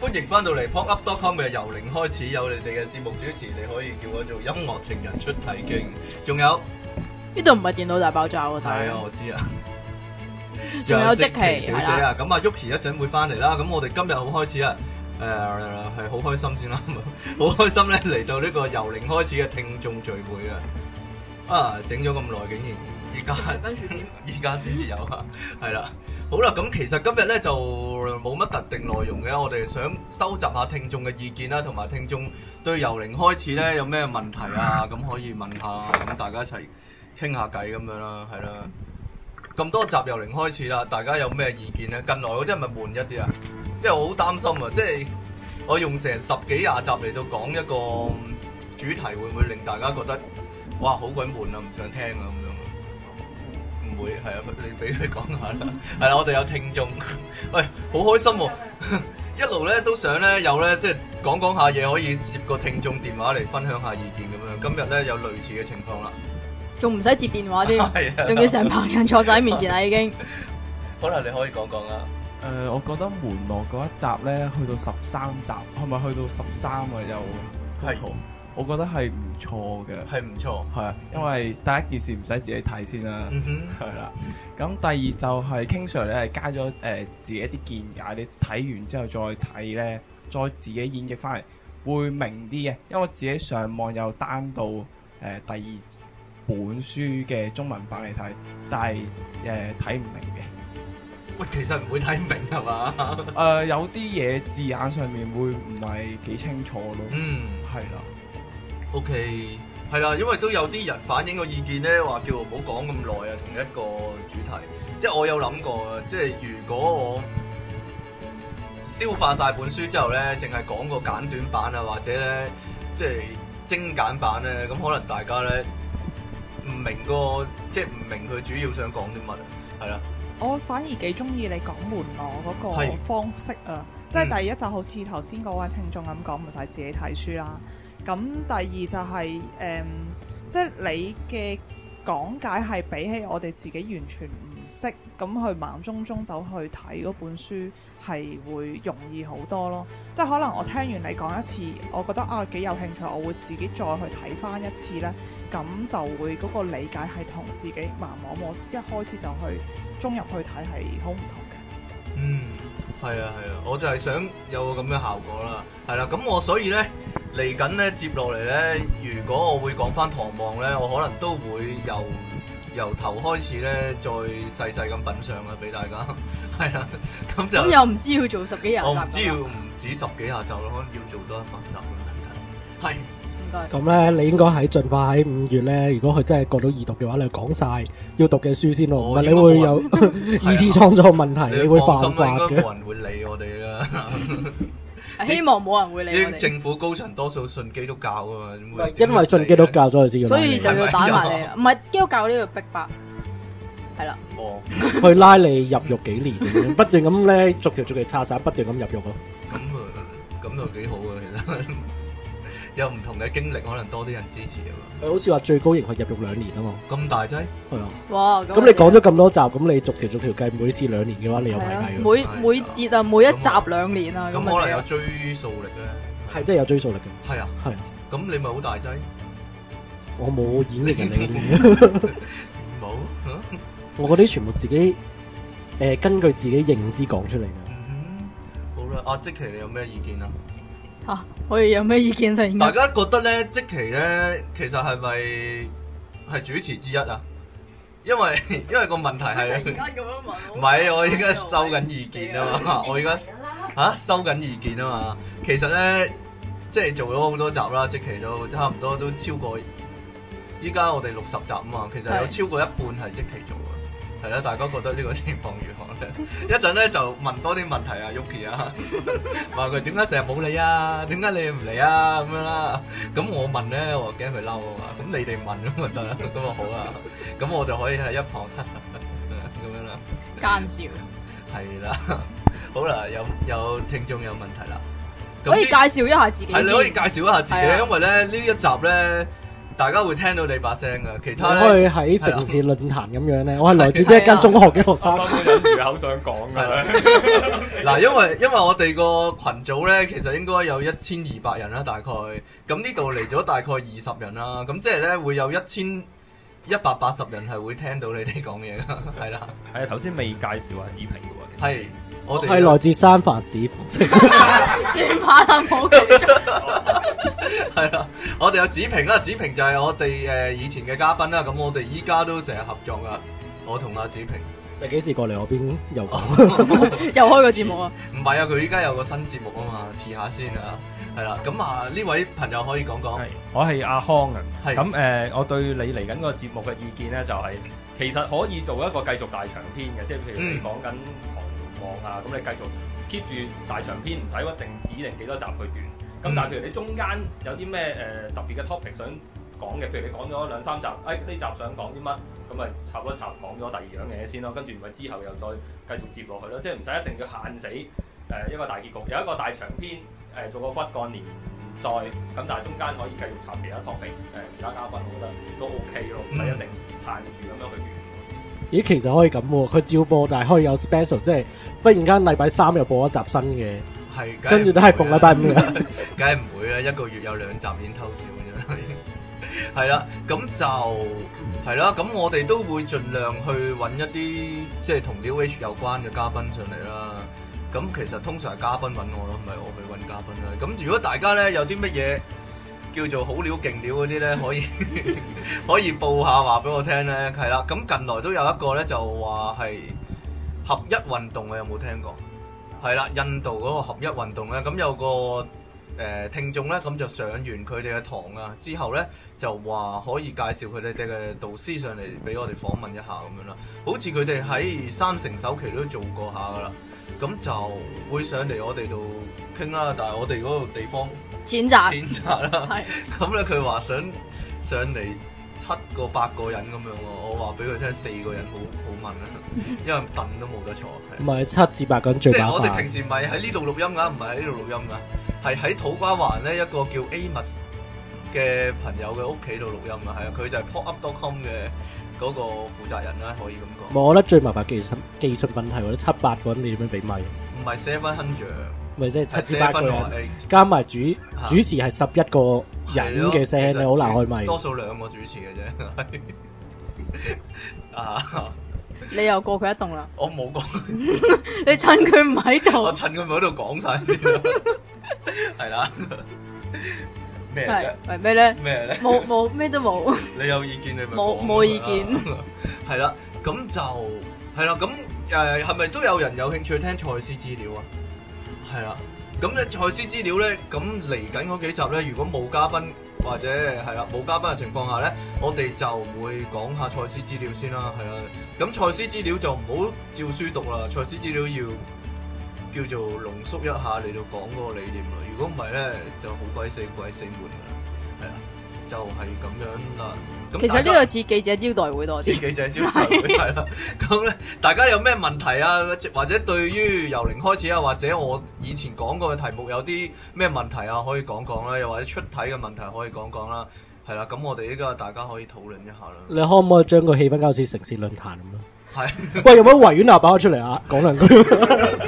歡迎翻到嚟 pop up dot com 嘅由靈開始有你哋嘅節目主持，你可以叫我做音樂情人出體經，仲有呢度唔係電腦大爆炸啊！係啊，我知啊。仲有即琪小姐的啊！咁啊，Yuki 一陣會翻嚟啦。咁我哋今日好開始啊，誒係好開心先啦，好 開心咧嚟到呢個由零開始嘅聽眾聚會啊！啊，整咗咁耐，竟然依家，跟住點？依家先至有啊，係啦。好啦，咁其實今日咧就冇乜特定內容嘅，我哋想收集下聽眾嘅意見啦，同埋聽眾對由零開始咧有咩問題啊？咁可以問下，咁大家一齊傾下偈咁樣啦，係啦。咁多集由靈開始啦，大家有咩意見咧？近來嗰啲係咪悶一啲啊？即係我好擔心啊！即係我用成十幾廿集嚟到講一個主題，會唔會令大家覺得哇好鬼悶啊，唔想聽啊咁樣？唔會，係啊，你俾佢講下啦。係啦、 啊，我哋有聽眾，喂、哎，好開心喎、啊！一路咧都想咧有咧即係講講下嘢，可以接個聽眾電話嚟分享下意見咁樣。今日咧有類似嘅情況啦。仲唔使接電話添？仲、啊、要成棚人坐晒喺面前啦，啊、已經。可能 你可以講講啊？誒，uh, 我覺得門羅嗰一集呢，去到十三集，係咪去到十三啊？又，我覺得係唔錯嘅，係唔錯，係啊。因為第一件事唔使自己睇先啦，係啦、mm。咁、hmm. 啊、第二就係經常咧加咗誒、呃、自己一啲見解，你睇完之後再睇呢，再自己演繹翻嚟會明啲嘅。因為我自己上網又 down 到誒、呃、第二，本書嘅中文版嚟睇，但係誒睇唔明嘅。喂，其實唔會睇唔明係嘛？誒， 呃，有啲嘢字眼上面會唔係幾清楚咯。嗯，係啦。OK，係啦，因為都有啲人反映個意見咧，話叫我唔好講咁耐啊。同一個主題，即係我有諗過，即係如果我消化晒本書之後咧，淨係講個簡短版啊，或者咧，即係精簡版咧，咁可能大家咧。唔明個，即係唔明佢主要想講啲乜，係啦。我反而幾鍾意你講門檻嗰個方式啊！是即係第一就好似頭先嗰位聽眾咁講，唔使自己睇書啦。咁第二就係、是、誒、嗯，即係你嘅講解係比起我哋自己完全唔識，咁去盲中中走去睇嗰本書，係會容易好多咯。即係可能我聽完你講一次，我覺得啊幾有興趣，我會自己再去睇翻一次咧。咁就會嗰個理解係同自己盲目，我一開始就去衝入去睇係好唔同嘅。嗯，係啊，係啊，我就係想有個咁嘅效果啦，係啦、啊。咁我所以咧嚟緊咧接落嚟咧，如果我會講翻唐望咧，我可能都會由由頭開始咧，再細細咁品賞啦，俾大家。係啦、啊，咁就咁、嗯、又唔知要做十幾廿集。我知要唔止十幾廿集咯，可能要做多一兩集咁樣嘅。咁咧，你應該喺盡快喺五月咧。如果佢真係過到二讀嘅話，你講晒要讀嘅書先咯。唔係你會有二次創作問題，你會犯法嘅。應該冇人會理我哋啦。希望冇人會理。政府高層多數信基督教啊嘛，因為信基督教所以先。所以就要打埋你，唔係基督教都要逼迫，係啦。哦，去拉你入獄幾年，不斷咁咧逐條逐條拆散，不斷咁入獄咯。咁啊，咁就幾好啊，其實。有唔同嘅經歷，可能多啲人支持啊嘛。誒，好似話最高刑係入獄兩年啊嘛。咁大劑係啊！哇！咁你講咗咁多集，咁你逐條逐條計，每次兩年嘅話，你有唔係計。每每節啊，每一集兩年啊，咁可能有追訴力咧？係，真係有追訴力嘅。係啊，係啊。咁你咪好大劑？我冇演繹人哋，冇。我嗰啲全部自己誒根據自己認知講出嚟嘅。好啦，阿即奇，你有咩意見啊？吓，我哋、啊、有咩意見嚟？突然間，大家覺得咧，即期咧，其實係咪係主持之一啊？因為因為個問題係，唔係我依家收緊意見啊嘛，我而家吓收緊意見啊嘛。其實咧，即係做咗好多集啦，即期都差唔多都超過，依家我哋六十集啊嘛。其實有超過一半係即期做嘅。係啦，大家覺得呢個情況如何咧？ 一陣咧就問多啲問題啊，Yuki 啊，話佢點解成日冇理啊？點解你唔嚟啊？咁樣啦，咁我問咧，我驚佢嬲啊嘛。咁你哋問咁就得啦，咁啊好啊，咁 我就可以喺一旁咁 樣啦吧，奸笑。係啦， 好啦，有有聽眾有問題啦，可以介紹一下自己先。你可以介紹一下自己，了因為咧呢一集咧。大家會聽到你把聲㗎，其他呢可以喺城市論壇咁樣呢？啊、我係來自呢一間中學嘅 學生。好想講嘅，嗱，因為因為我哋個群組呢，其實應該有一千二百人啦，大概咁呢度嚟咗大概二十人啦，咁即係呢，會有一千一百八十人係會聽到你哋講嘢嘅，係啦。係啊，頭先未介紹阿子平嘅喎。 我哋係來自三藩市， 算把啦，冇計。係啦，我哋有子平啦，子平就係我哋誒以前嘅嘉賓啦。咁我哋依家都成日合作噶，我同阿子平，你幾時過嚟我邊又講？ 又開個節目啊？唔係啊，佢依家有個新節目啊嘛，遲下先啊。係啦，咁啊呢位朋友可以講講。係，我係阿康啊。係的，咁誒、呃，我對你嚟緊個節目嘅意見咧，就係、是、其實可以做一個繼續大長篇嘅，即係譬如你講緊。望啊，咁你繼續 keep 住大長篇，唔使一定指定幾多集去完。咁但係譬如你中間有啲咩誒特別嘅 topic 想講嘅，譬如你講咗兩三集，哎呢集想講啲乜？咁咪插一插講咗第二樣嘢先咯，跟住咪之後又再繼續接落去咯，即係唔使一定要限死誒、呃、一個大結局，有一個大長篇誒、呃、做個骨幹年，再咁但係中間可以繼續插其他 topic 誒其他嘉賓，我覺得都 O K 咯，唔使一定限住咁樣去完。嗯。咦，其實可以咁喎，佢照播，但係可以有 special，即係忽然間禮拜三又播一集新嘅，係跟住都係逢禮拜五，梗係唔會啦、啊 啊，一個月有兩集已經偷笑嘅，咗 啦、啊，係啦，咁就係啦，咁我哋都會盡量去揾一啲即係同 New Age 有關嘅嘉賓上嚟啦，咁其實通常係嘉賓揾我咯，唔係我去揾嘉賓啦，咁如果大家咧有啲乜嘢？叫做好料勁料嗰啲呢，可以 可以報下話俾我聽呢。係啦。咁近來都有一個呢，就話係合一運動，有冇聽過？係啦，印度嗰個合一運動咧，咁有個誒聽眾呢，咁就上完佢哋嘅堂啊，之後呢，就話可以介紹佢哋啲嘅導師上嚟俾我哋訪問一下咁樣啦。好似佢哋喺三成首期都做過下噶啦。咁就會上嚟我哋度傾啦，但係我哋嗰個地方，淺窄站，淺窄啦，係站，咁咧佢話想上嚟七個八個人咁樣喎，我話俾佢聽四個人好好問啊，因為凳都冇得坐。唔係 七至八個人最即係我哋平時唔係喺呢度錄音噶，唔係喺呢度錄音噶，係喺土瓜灣咧一個叫 Amus 嘅朋友嘅屋企度錄音啊，係啊，佢就係 Pop Up.com 嘅。嗰個負責人呢，可以咁講。我覺得最麻煩技術技術問題，或者七八個人你點樣俾咪？唔係 seven hundred，唔係即係七至八個人，加埋主主持係十一個人嘅聲，你好難開咪。多數兩個主持嘅啫。啊！你又過佢一棟啦。我冇講佢。你趁佢唔喺度，我趁佢唔喺度講曬。係啦。係為咩咧？咩咧？冇冇，咩都冇。你有意見你咪講啦。冇冇意見。係啦， 咁就係啦，咁誒係咪都有人有興趣聽賽斯資料啊？係啦，咁咧賽斯資料咧，咁嚟緊嗰幾集咧，如果冇嘉賓或者係啦冇嘉賓嘅情況下咧，我哋就會講下賽斯資料先啦，係啦。咁賽斯資料就唔好照書讀啦，賽斯資料要。叫做濃縮一下嚟到，講嗰個理念啦，如果唔係咧就好鬼死鬼死悶啦，係啊，就係、是、咁樣嗱。其實呢個似記者招待會多啲。記者招待會係啦，咁咧、 啊、大家有咩問題啊？或者對於由靈開始啊，或者我以前講過嘅題目有啲咩問題啊？可以講講啦，又或者出題嘅問題可以講講啦，係啦、啊，咁我哋依家大家可以討論一下啦。你可唔可以將個氣氛搞成城市論壇咁啊？係。喂，有冇維園阿伯出嚟啊？講兩句。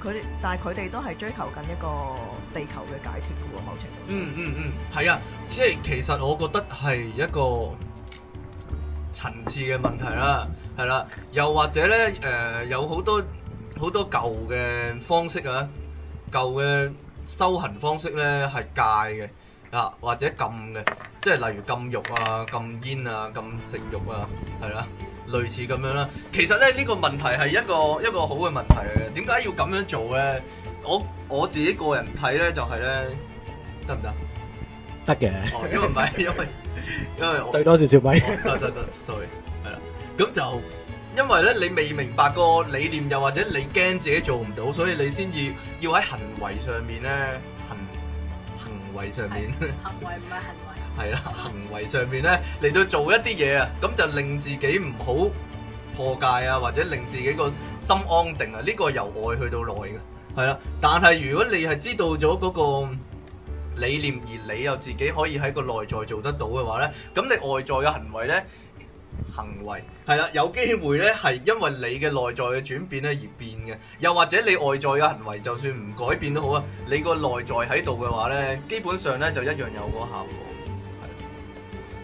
佢但係佢哋都係追求緊一個地球嘅解脫嘅喎，某程度。嗯嗯嗯，係啊，即係其實我覺得係一個層次嘅問題啦，係啦，又或者咧誒，有好多好多舊嘅方式啊，舊嘅修行方式咧係戒嘅啊，或者禁嘅，即係例如禁肉啊、禁煙啊、禁食肉啊，係啦。類似咁樣啦，其實咧呢個問題係一個一個好嘅問題嚟嘅。點解要咁樣做咧？我我自己個人睇咧就係咧，得唔得？得嘅。哦，因為咩？因為因為我對多少少米。得得得，sorry，係啦。咁就因為咧你未明白個理念，又或者你驚自己做唔到，所以你先至要喺行為上面咧行行為上面。行為唔係行為。係啦，行為上面咧嚟到做一啲嘢啊，咁就令自己唔好破戒啊，或者令自己個心安定啊。呢個由外去到內嘅，係啦。但係如果你係知道咗嗰個理念，而你又自己可以喺個內在做得到嘅話咧，咁你外在嘅行為咧，行為係啦，有機會咧係因為你嘅內在嘅轉變咧而變嘅。又或者你外在嘅行為就算唔改變都好啊，你個內在喺度嘅話咧，基本上咧就一樣有嗰個效果。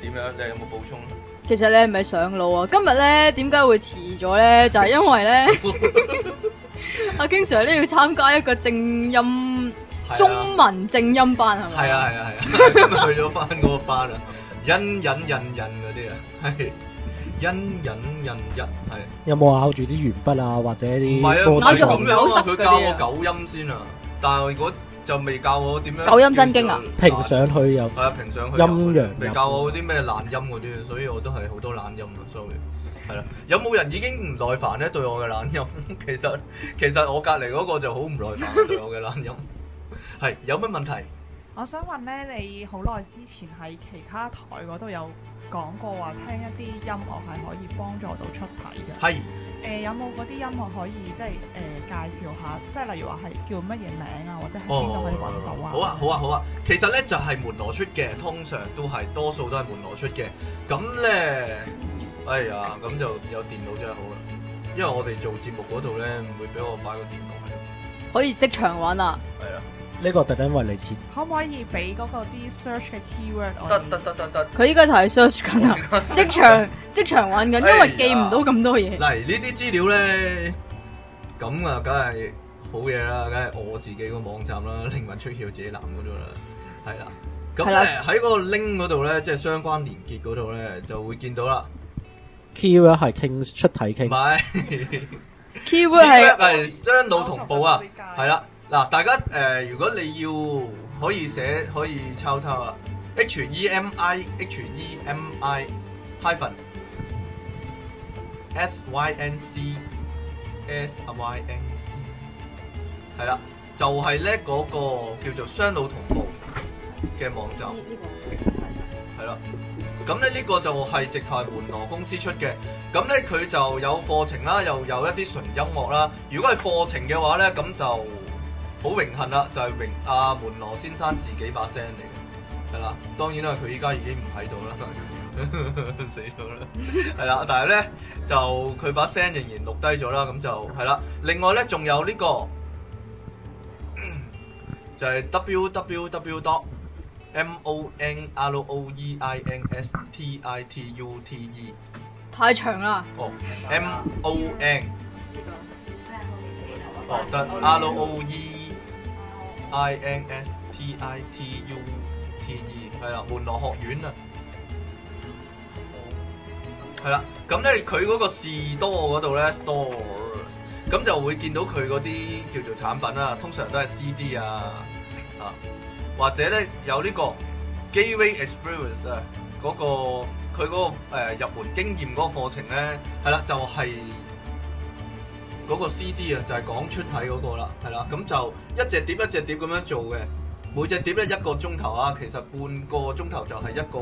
點樣？你有冇補充咧？其實你係咪上路啊？今日咧點解會遲咗咧？就係因為咧，阿經常都要參加一個正音中文正音班係咪？係啊係啊係啊，今日去咗翻嗰個班啊，音引引引嗰啲啊，係音引引一係。有冇咬住啲鉛筆啊？或者啲唔係啊，唔係咁樣，佢教我九音先啊，但係我。就未教我點樣，九音真經啊！平上去又係啊，平上去陰陽。未教我啲咩懶音嗰啲，所以我都係好多懶音啊，Sorry，係啦。有冇人已經唔耐煩咧？對我嘅懶音，其實其實我隔籬嗰個就好唔耐煩 對我嘅懶音。係有乜問題？我想問咧，你好耐之前喺其他台嗰度有。講過話聽一啲音樂係可以幫助到出體嘅，係誒是、呃、有冇嗰啲音樂可以即係誒介紹下？即係例如話係叫乜嘢名啊，或者係邊度可以搵到啊？好啊好啊好啊！其實咧就係、是、門羅出嘅，通常都係多數都係門羅出嘅。咁咧哎呀咁就有電腦真係好啦，因為我哋做節目嗰度咧會俾我擺個電腦喺度，可以即場玩啊！係啊。呢個特登為你設，可唔可以俾嗰個啲 search 嘅 keyword？按得得得得得，佢依家就係 search 緊啊！職場，職場揾緊，因為記唔到咁多嘢、哎。嗱，呢啲資料咧，咁啊，梗係好嘢啦，梗係我自己個網站啦，靈魂出竅自己男咁啫啦，係啦、啊。咁咧喺嗰個 link 嗰度咧，即係相關連結嗰度咧，就會見到啦。keyword 係傾出題傾，唔係 keyword 係雙腦同步啊，係啦。 嗱，大家誒、呃，如果你要可以寫可以抄啊。H E M I H E M I hyphen S Y N C S Y N C 係啦，就係咧嗰個叫做雙腦同步嘅網站係啦。咁咧呢個就係直頭係門羅公司出嘅。咁咧佢就有課程啦，又有一啲純音樂啦。如果係課程嘅話咧，咁就。好榮幸啦，就係榮阿門羅先生自己把聲嚟嘅，係啦。當然啦，佢依家已經唔喺度啦，死咗啦。係啦，但係咧就佢把聲仍然錄低咗啦，咁就係啦。另外咧，仲有呢個就係 www.dot.monroeinstitute 太長啦。哦，mon 哦，但 looe Institute 係啊，門羅學院啊，係啦。咁咧，佢嗰個士多嗰度咧，store 咁就會見到佢嗰啲叫做產品啦，通常都係 CD 啊，啊或者咧有呢個 Gateway Experience 啊、嗰個，嗰、嗰個佢嗰個誒入門經驗嗰個課程咧，係啦，就係、是。嗰個 CD 啊，就係講出體嗰個啦，係啦，咁就一隻碟一隻碟咁樣做嘅，每隻碟咧一個鐘頭啊，其實半個鐘頭就係一個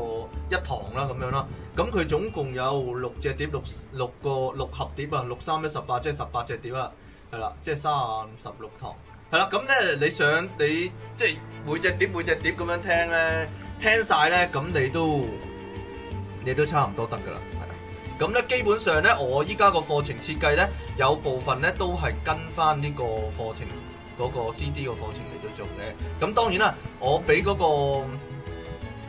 一堂啦，咁樣啦，咁佢總共有六隻碟，六六個六盒碟啊，六三一十八，即係十八隻碟啊，係啦，即係三十六堂，係啦，咁咧你想你即係每隻碟每隻碟咁樣聽咧，聽晒咧，咁你都你都差唔多得噶啦。咁咧，基本上咧，我依家個課程設計咧，有部分咧都係跟翻呢個課程嗰個 C D 個課程嚟到做嘅。咁當然啦，我俾嗰個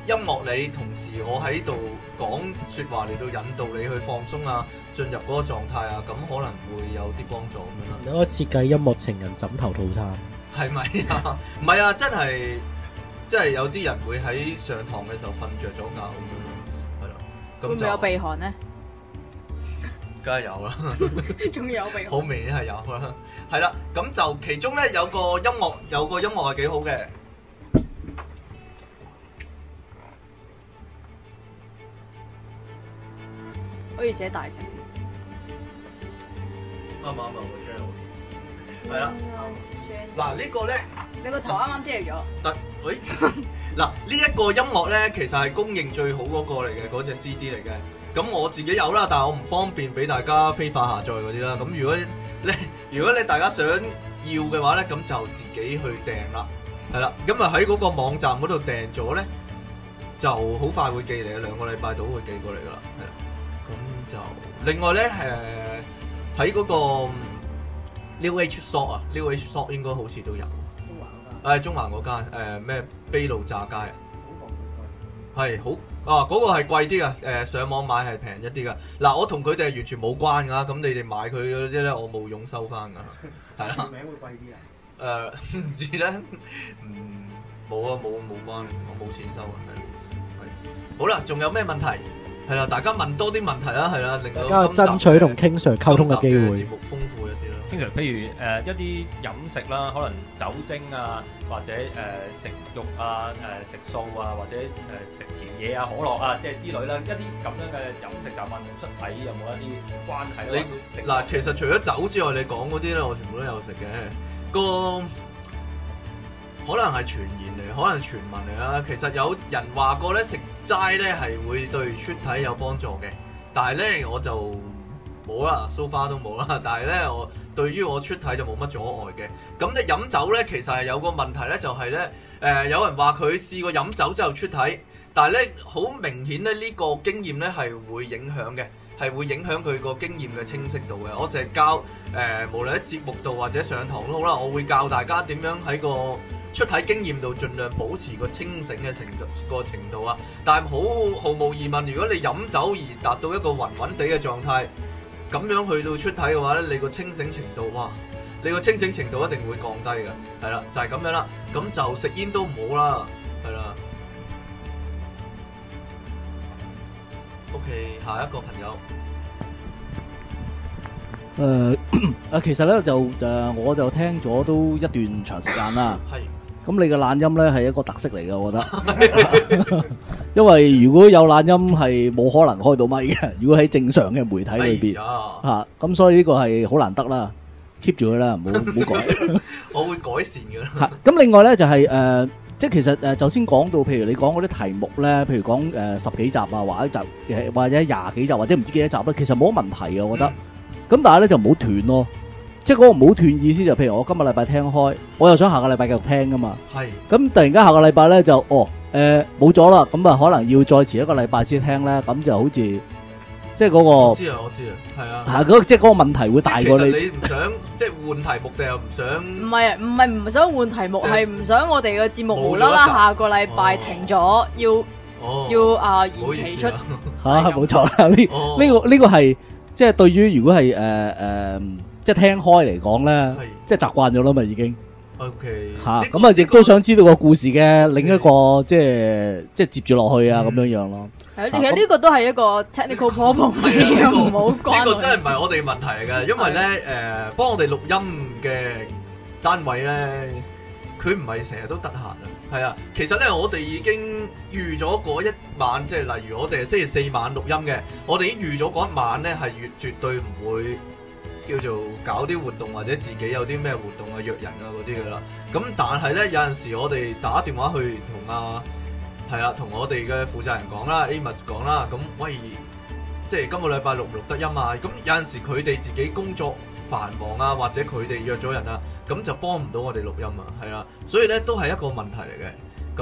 音樂你，同時我喺度講說話嚟到引導你去放鬆啊，進入嗰個狀態啊，咁可能會有啲幫助咁樣咯。有個設計音樂情人枕頭套餐，係咪啊？唔係啊，真係，即係有啲人會喺上堂嘅時候瞓着咗覺咁樣咯，係咯。會唔會有鼻鼾咧？梗係有啦，好名係有啦，係啦，咁就其中咧有個音樂有個音樂係幾好嘅，可以寫大聲啲。啱啱啱，我 share 喎，係啦，嗱呢個咧，你個頭啱啱 share 咗，得，喂，嗱呢一個音樂咧，其實係公認最好嗰個嚟嘅，嗰隻 CD 嚟嘅。咁我自己有啦，但係我唔方便俾大家非法下載嗰啲啦。咁如果咧，如果你大家想要嘅話咧，咁就自己去訂啦。係啦，咁啊喺嗰個網站嗰度訂咗咧，就好快會寄嚟嘅，兩個禮拜度會寄過嚟噶啦。係啦，咁就另外咧，誒喺嗰個 New H Shop 啊，New H Shop 應該好似都有。中環嗰間，誒中環嗰間，誒咩卑路乍街，係好。哦，嗰個係貴啲噶，誒上網買係平一啲噶。嗱，我同佢哋係完全冇關噶，咁你哋買佢嗰啲咧，我冇佣收翻噶，係啦。名會貴啲啊？誒唔知咧，嗯，冇啊冇冇關，我冇錢收啊，係。好啦，仲有咩問題？係啦，大家問多啲問題啦，係啦，令大家爭取同傾上溝通嘅機會，節目豐富一啲。譬如誒一啲飲食啦，可能酒精啊，或者誒食肉啊、誒食素啊，或者誒食甜嘢啊、可樂啊，即係之類啦，一啲咁樣嘅飲食習慣同出體有冇一啲關係咧？你嗱，有冇食，其實除咗酒之外，你講嗰啲咧，我全部都有食嘅。個可能係傳言嚟，可能,傳,可能傳聞嚟啦。其實有人話過咧，食齋咧係會對出體有幫助嘅，但係咧我就。冇啦，蘇花都冇啦。但係呢，我對於我出體就冇乜阻礙嘅。咁你飲酒呢，其實係有個問題呢，就係呢。誒、呃、有人話佢試過飲酒之後出體，但係呢，好明顯呢，呢個經驗呢係會影響嘅，係會影響佢個經驗嘅清晰度嘅。我成日教誒、呃，無論喺節目度或者上堂都好啦，我會教大家點樣喺個出體經驗度盡量保持個清醒嘅程度個程度啊。但係好毫無疑問，如果你飲酒而達到一個暈暈地嘅狀態，咁樣去到出體嘅話咧，你個清醒程度，哇！你個清醒程度一定會降低嘅，係啦，就係、是、咁樣啦。咁就食煙都唔好啦，係啦。OK，下一個朋友。誒誒、呃，其實咧就誒，我就聽咗都一段長時間啦。係。咁你嘅懶音咧係一個特色嚟噶，我覺得，因為如果有懶音係冇可能開到咪嘅，如果喺正常嘅媒體裏邊吓，咁所以呢個係好難得啦，keep 住佢啦，唔好唔好改，我會改善噶。咁另外咧就係誒，即係其實誒，頭先講到譬如你講嗰啲題目咧，譬如講誒十幾集啊，或者集誒或者廿幾集或者唔知幾多集啦，其實冇乜問題啊，我覺得，咁但係咧就唔好斷咯。即係嗰個唔好斷意思就，譬如我今日禮拜聽開，我又想下個禮拜繼續聽㗎嘛。係。咁突然間下個禮拜咧就哦，誒冇咗啦，咁啊可能要再遲一個禮拜先聽咧，咁就好似即係嗰個。知啊，我知啊，係啊。吓，嗰即係嗰個問題會大過你。其實你唔想即係換題目定係唔想？唔係，唔係唔想換題目，係唔想我哋嘅節目無啦啦下個禮拜停咗，要要啊延期出。吓，冇錯啦，呢呢個呢個係即係對於如果係誒誒。即係聽開嚟講咧，即係習慣咗啦嘛，已經。OK。吓，咁啊，亦、這個嗯嗯、都想知道個故事嘅另一個，okay. 即係即係接住落去、嗯、啊，咁樣樣咯。係啊、這個這個呃，其實呢個都係一個 technical problem，唔好關。呢個真係唔係我哋問題嘅，因為咧，誒，幫我哋錄音嘅單位咧，佢唔係成日都得閒啊。係啊，其實咧，我哋已經預咗嗰一晚，即係例如我哋係星期四晚錄音嘅，我哋已經預咗嗰一晚咧係絕絕對唔會。叫做搞啲活動或者自己有啲咩活動啊約人啊嗰啲噶啦，咁但係咧有陣時我哋打電話去同啊係啦同我哋嘅負責人講啦，Amos 講啦，咁，喂，即係今個禮拜錄唔錄得音啊？咁有陣時佢哋自己工作繁忙啊，或者佢哋約咗人啊，咁就幫唔到我哋錄音啊，係啦，所以咧都係一個問題嚟嘅，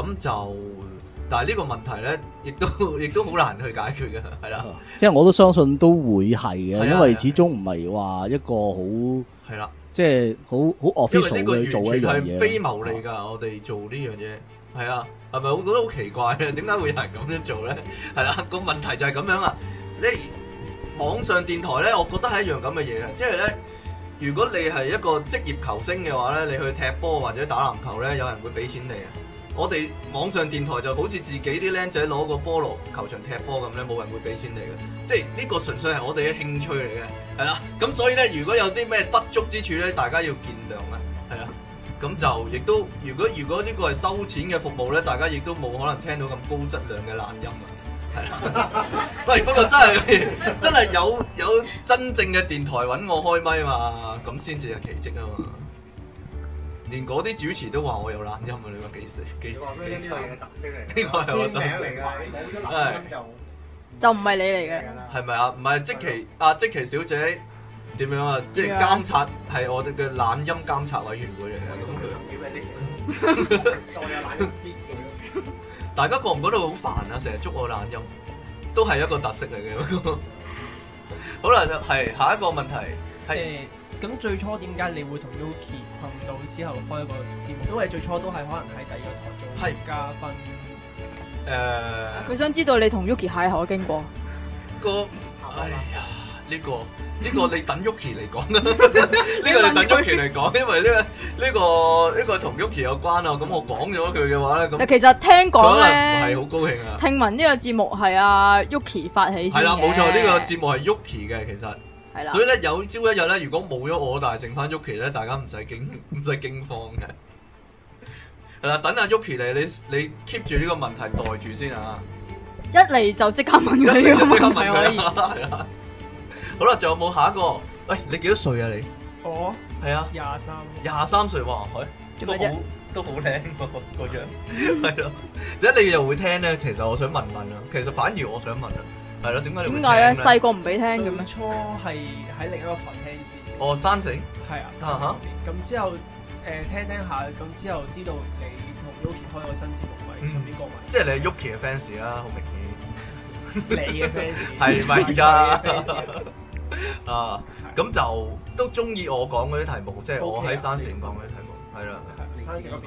咁就。但係呢個問題咧，亦都亦都好難去解決嘅，係啦。即係我都相信都會係嘅，的因為始終唔係話一個好係啦，的即係好好 official 去做一樣嘢。因為呢個完全係非牟利㗎，我哋做呢樣嘢係啊，係咪？我覺得好奇怪嘅，點解會有人咁樣做咧？係啦，個問題就係咁樣啊！你網上電台咧，我覺得係一樣咁嘅嘢啊。即係咧，如果你係一個職業球星嘅話咧，你去踢波或者打籃球咧，有人會俾錢你啊。我哋網上電台就好似自己啲僆仔攞個菠羅球場踢波咁咧，冇人會俾錢你嘅，即係呢個純粹係我哋嘅興趣嚟嘅，係啦。咁所以呢，如果有啲咩不足之處呢，大家要見諒啊，係啊。咁就亦都，如果如果呢個係收錢嘅服務呢，大家亦都冇可能聽到咁高質量嘅懶音啊，係啦。喂， 不過真係真係有有真正嘅電台揾我開咪嘛咁先至係奇蹟啊嘛。連嗰啲主持都話我有懶音啊！你話幾幾幾臭嘅特色嚟？呢個係我特色嚟㗎，冇就唔係你嚟嘅。係咪啊？唔係，即奇啊，即奇小姐點樣啊？即係監察係我哋嘅懶音監察委員會嚟嘅。大家覺唔覺得好煩啊？成日捉我懶音，都係一個特色嚟嘅。 好啦，就係下一個問題係。 咁最初點解你會同 Yuki 困到之後開個節目？因為最初都係可能喺第二個台做，係加分。誒，佢、呃、想知道你同 Yuki 邂逅嘅經過。那個，哎呀，呢、 呢個呢、呢個你等 Yuki 嚟講啦，呢 個你等 Yuki 嚟講，因為呢、呢個呢、呢個呢、呢個同 Yuki 有關啊。咁我講咗佢嘅話咧，咁其實聽講咧係好高興啊。聽聞呢個節目係阿 Yuki 發起，係啦、啊，冇錯，呢、呢個節目係 Yuki 嘅其實。所以咧，有朝一日咧，如果冇咗我，大剩翻 Yuki 咧，大家唔使驚，唔使驚慌嘅。係啦，等下 Yuki 嚟，你你 keep 住呢個問題待住先啊。一嚟就即刻問佢，一嚟就即刻問佢。係 啦。好啦，仲有冇下一個？喂、哎，你幾多歲啊？你哦我，係啊，廿三 23.。廿三歲哇，佢、哎、都好都好靚個個樣，係咯。 一嚟就會聽咧。其實我想問問啊，其實反而我想問啊。係咯，點解你？點解咧？細個唔俾聽咁啊！初係喺另一個台聽先。哦，山城。係啊，山城，咁之後誒聽聽下，咁之後知道你同 Yuki 開個新節目位，上面過埋。即係你係 Yuki 嘅 fans 啦，好明顯。你嘅 fans 係咪而啊？啊，咁就都中意我講嗰啲題目，即係我喺山城講嗰啲題目，係啦。山城邊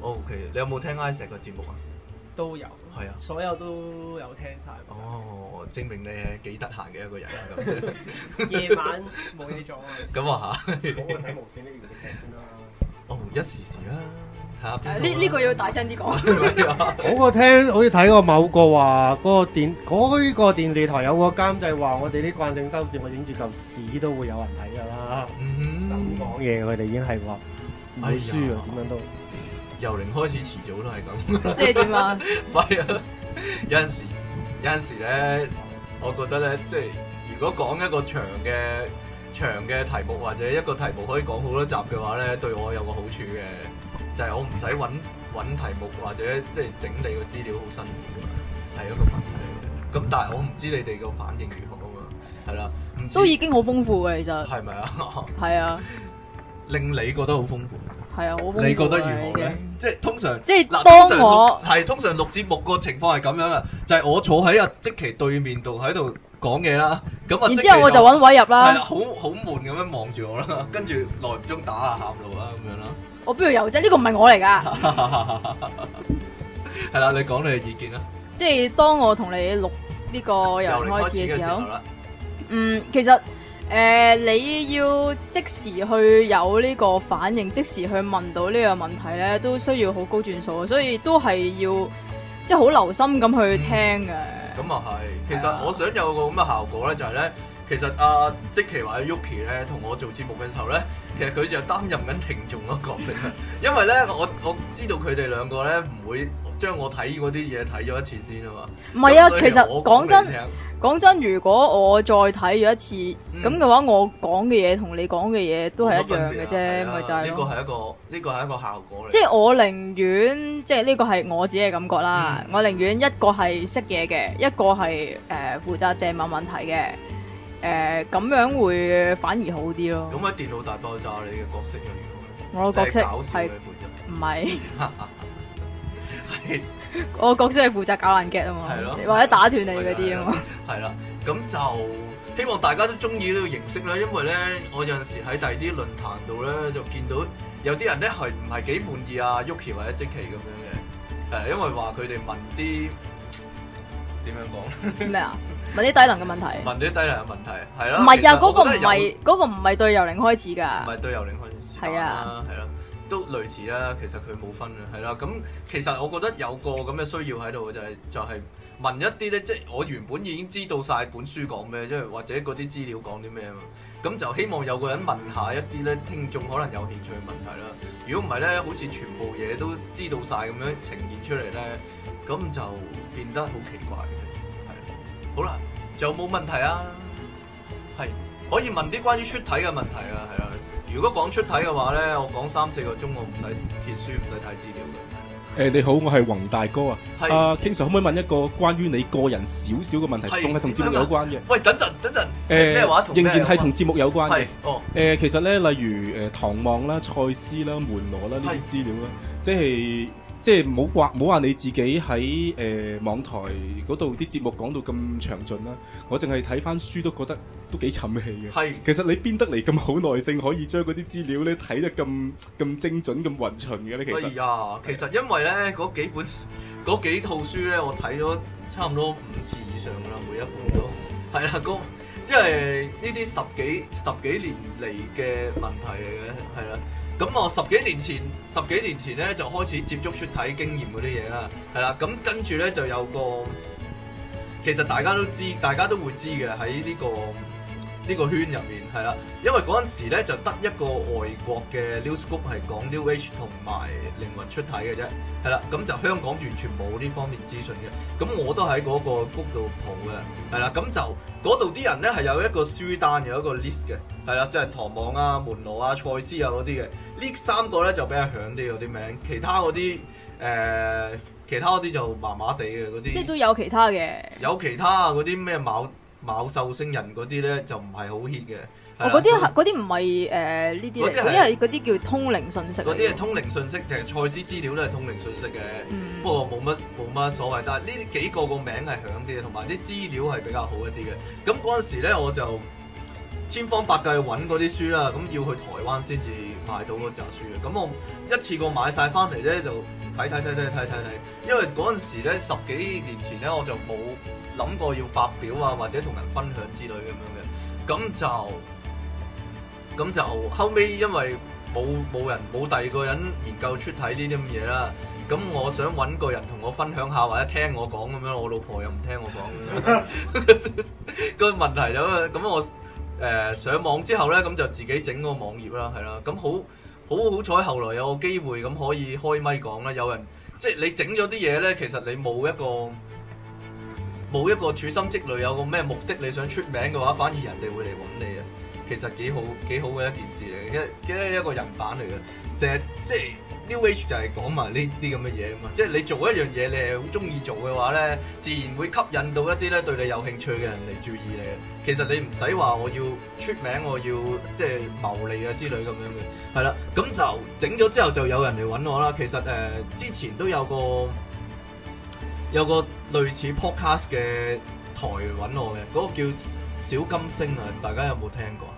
OK，OK。你有冇聽 i 成 e t 節目啊？都有，係啊，所有都有聽晒。哦，實證明你幾得閒嘅一個人啊！夜 晚冇嘢做咁啊嚇。我睇無線都要聽先啦。哦，一時時啦，睇下呢呢個要大聲啲講，哦啊。我個聽好似睇過某個話嗰、嗰個電嗰、嗰個電視台有個監製話：我哋啲慣性收視，我影住嚿屎都會有人睇㗎啦。講嘢佢哋已經係話輸啊，點樣都。由靈開始，遲早都係咁。即係點啊？係啊！有陣時，有陣時咧，我覺得咧，即係如果講一個長嘅長嘅題目，或者一個題目可以講好多集嘅話咧，對我有個好處嘅，就係、是、我唔使揾揾題目，或者即係整理個資料好辛苦嘅，係一個問題。咁但係我唔知你哋個反應如何啊嘛，係啦，都已經好豐富嘅，其實係咪啊？係 啊， 令你覺得好豐富。係啊，我冇嘅。你覺得如何咧？即係通常，即係嗱，通常係通常錄節目個情況係咁樣啦，就係我坐喺阿即奇對面度喺度講嘢啦。咁啊，然之後我就揾位入啦。係啦，好好悶咁樣望住我啦，跟住耐唔中打下喊路啦，咁樣啦。我邊度有啫？呢個唔係我嚟㗎。係啦，你講你嘅意見啦。即係當我同你錄呢個由靈開始嘅時候，嗯，其實。誒、呃，你要即時去有呢個反應，即時去問到呢個問題咧，都需要好高轉數，所以都係要即係好留心咁去聽嘅。咁啊係，其實我想有個咁嘅效果咧，就係、是、咧，其實阿、啊、即其奇話嘅 Yuki 咧，同我做節目嘅時候咧，其實佢就擔任緊聽眾嘅角色， 因為咧，我我知道佢哋兩個咧唔會將我睇嗰啲嘢睇咗一次先啊嘛。唔係啊，其實講真。講真，如果我再睇咗一次咁嘅、嗯、話，我講嘅嘢同你講嘅嘢都係一樣嘅啫，咪、啊啊、就係呢個係一個呢、這個係一個效果嚟。即係我寧願，即係呢個係我自己嘅感覺啦。嗯、我寧願一個係識嘢嘅，一個係誒負責借問問題嘅，誒、呃、咁樣會反而好啲咯。咁喺電腦大爆炸你嘅角色係邊個咧？我嘅角色係配音，唔係。 我角色係負責搞爛劇啊嘛，啦或者打斷你嗰啲啊嘛。係啦，咁 就希望大家都中意呢個形式啦。因為咧，我有陣時喺第二啲論壇度咧，就見到有啲人咧係唔係幾滿意啊，Yuki 或者積奇咁樣嘅。誒，因為話佢哋問啲點樣講？咩 啊？問啲低能嘅問題？問啲低能嘅問題，係咯？唔係啊，嗰個唔係嗰個唔係對由靈開始噶。唔係對由靈開始。係啊。係咯。都類似啦，其實佢冇分嘅，係啦。咁其實我覺得有個咁嘅需要喺度嘅就係就係問一啲咧，即係我原本已經知道晒本書講咩，即係或者嗰啲資料講啲咩啊嘛。咁就希望有個人問下一啲咧，聽眾可能有興趣嘅問題啦。如果唔係咧，好似全部嘢都知道晒咁樣呈現出嚟咧，咁就變得好奇怪嘅。係，好啦，仲有冇問題啊？係，可以問啲關於出體嘅問題啊，係啊。如果講出睇嘅話咧，我講三四個鐘，我唔使睇書，唔使睇資料嘅。誒，你好，我係宏大哥啊。係。King Sir，可唔可以問一個關於你個人少少嘅問題？係。仲係同節目有關嘅。喂，等陣，等陣。誒。咩話？仍然係同節目有關嘅。係。哦。誒，其實咧，例如誒，唐望啦、賽斯啦、門羅啦呢啲資料啦，即係。即係唔好話唔好話你自己喺誒、呃、網台嗰度啲節目講到咁詳盡啦，我淨係睇翻書都覺得都幾沉氣嘅。係是，其實你邊得嚟咁好耐性，可以將嗰啲資料咧睇得咁咁精準咁雲純嘅咧？其實、哎呀。哎是其實因為咧嗰幾本嗰幾套書咧，我睇咗差唔多五次以上啦，每一本都係啦， 因為呢啲十幾十幾年嚟嘅問題嚟嘅，係啦。咁我十幾年前，十幾年前咧就開始接觸出體經驗嗰啲嘢啦，係啦，咁跟住咧就有個，其實大家都知，大家都會知嘅喺呢個。呢個圈入面係啦，因為嗰陣時咧就得一個外國嘅 news group 係講 New Age 同埋靈魂出體嘅啫，係啦，咁就香港完全冇呢方面資訊嘅。咁我都喺嗰個谷度蒲嘅，係啦，咁就嗰度啲人咧係有一個書單，有一個 list 嘅，係啦，即係唐望啊、門羅啊、賽斯啊嗰啲嘅。呢三個咧就比較響啲嗰啲名，其他嗰啲誒其他嗰啲就麻麻地嘅嗰啲。即係都有其他嘅。有其他嗰啲咩？冇。某宿星人嗰啲咧就唔係好 hit 嘅，嗰啲啲唔係誒呢啲咧，嗰啲係嗰啲叫通靈信息，嗰啲係通靈信息，就係賽斯資料都係通靈信息嘅，嗯、不過冇乜冇乜所謂，但係呢啲幾個個名係響啲，同埋啲資料係比較好一啲嘅，咁嗰陣時咧我就。千方百計去揾嗰啲書啦，咁要去台灣先至買到嗰隻書嘅。咁我一次過買晒翻嚟呢，就睇睇睇睇睇睇睇。因為嗰陣時咧，十幾年前呢，我就冇諗過要發表啊，或者同人分享之類咁樣嘅。咁就咁就後尾，因為冇冇人冇第二個人研究出嚟呢啲咁嘢啦。咁我想揾個人同我分享下，或者聽我講咁樣。我老婆又唔聽我講咁樣， 個問題就咁、是、我。誒、呃、上網之後呢，咁就自己整個網頁啦，係啦，咁好好好彩，後來有個機會咁可以開咪講啦。有人即係你整咗啲嘢呢，其實你冇一個冇一個處心積慮，有個咩目的你想出名嘅話，反而人哋會嚟揾你啊，其實幾好幾好嘅一件事嚟，嘅一,一,一個人版嚟嘅，成日即係。即 New Age 就係講埋呢啲咁嘅嘢啊嘛，即係你做一樣嘢，你係好中意做嘅話咧，自然會吸引到一啲咧對你有興趣嘅人嚟注意你。其實你唔使話我要出名，我要即係牟利啊之類咁樣嘅，係啦。咁就整咗之後就有人嚟揾我啦。其實誒、呃、之前都有個有個類似 Podcast 嘅台揾我嘅，嗰、嗰個叫小金星啊，大家有冇聽過？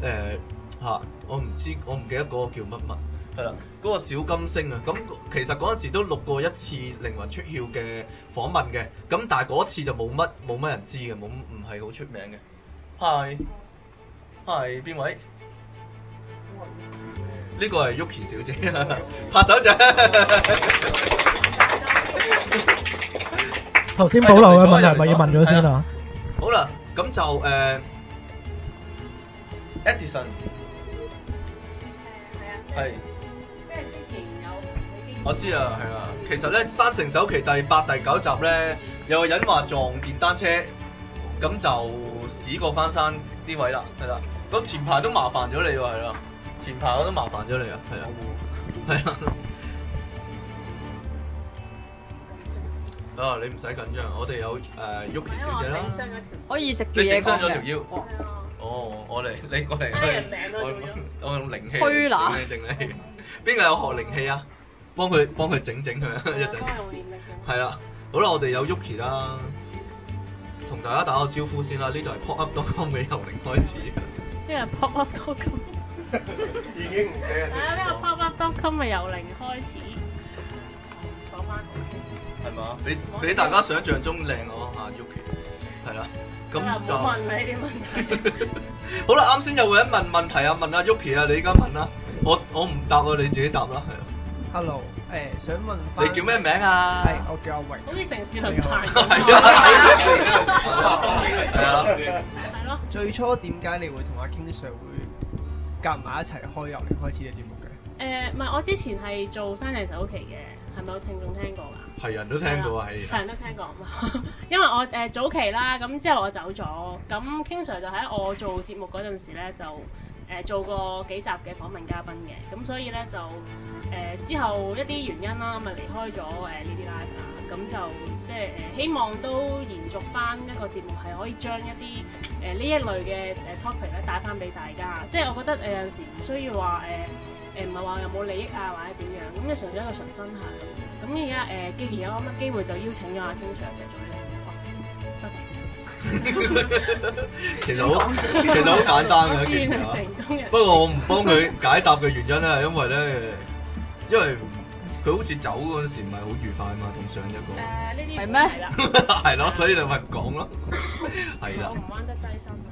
誒、呃、嚇、啊，我唔知，我唔記得嗰個叫乜乜。係啦，嗰個小金星啊，咁其實嗰陣時都錄過一次靈魂出竅嘅訪問嘅，咁但係嗰一次就冇乜冇乜人知嘅，冇唔係好出名嘅。係係邊位？呢個係 Yuki 小姐，拍手掌。頭先保留嘅問題，咪要問咗先啊？好啦，咁就誒，Edison 係。我知啊，係啊。其實咧，山城首期第八、第九集咧，有個人話撞電單車，咁就死過翻生啲位啦，係啦。咁前排都麻煩咗你喎，係啦。嗯、前排我都麻煩咗你啊，係啊，係啦。啊，你唔使緊張，我哋有誒，Yuki、呃、小姐啦。可以食住，嘢嘅。你整傷咗條腰。哦，我我嚟，你過嚟，我用靈氣。推拿。定你，邊個 有學靈氣啊？幫佢幫佢整整佢一陣，係啦、啊， 好啦，我哋有 Yuki 啦，同大家打個招呼先啦，呢度係 p o p u p c o m 嘅由零開始，呢個 p o p u p c o m 已經唔啊，呢、這個 p o p u p c o m 咪由零開始，講翻吧給好先，係嘛？比比大家想象中靚咯，阿 Yuki，係啦，咁、啊、就、啊、我問你啲問題， 好啦，啱先又問一問問題問啊，Yuki，問阿 Yuki 啊，你而家問啦，我我唔答啊，你自己答啦，係。Hello，誒想問翻你叫咩名啊？ S、哎？我叫阿榮，好似城市論壇好。係啊係咯。最初點解你會同阿 King Sir 會夾埋一齊開由靈開始嘅節目嘅？誒唔係我之前係做三零首期嘅，係咪有聽眾聽過㗎？係人都聽過啊！係人了都聽過 因為我誒、嗯、早期啦，咁之後我走咗，咁 King Sir 就喺我做節目嗰陣時咧就。就誒做過幾集嘅訪問嘉賓嘅，咁所以咧就誒、呃、之後一啲原因啦，咪離開咗誒呢啲 live 啦，咁、呃啊嗯、就即係誒希望都延續翻一個節目，係可以將一啲誒呢一類嘅誒 topic 咧帶翻俾大家。即係我覺得誒、呃、有陣時唔需要話誒誒唔係話有冇利益啊，或者點樣，咁、嗯，就純粹一個純分享。咁而家誒既然有咁嘅機會就邀請咗阿 Kingsley 嚟做一 其實好，其實好簡單嘅一件事。 成功不過我唔幫佢解答嘅原因咧，係因為咧， 因為佢好似走嗰陣時唔係好愉快嘛，同上一個係咩？係咯，所以你就咪唔講咯。係 啦的。我唔玩得低心啊。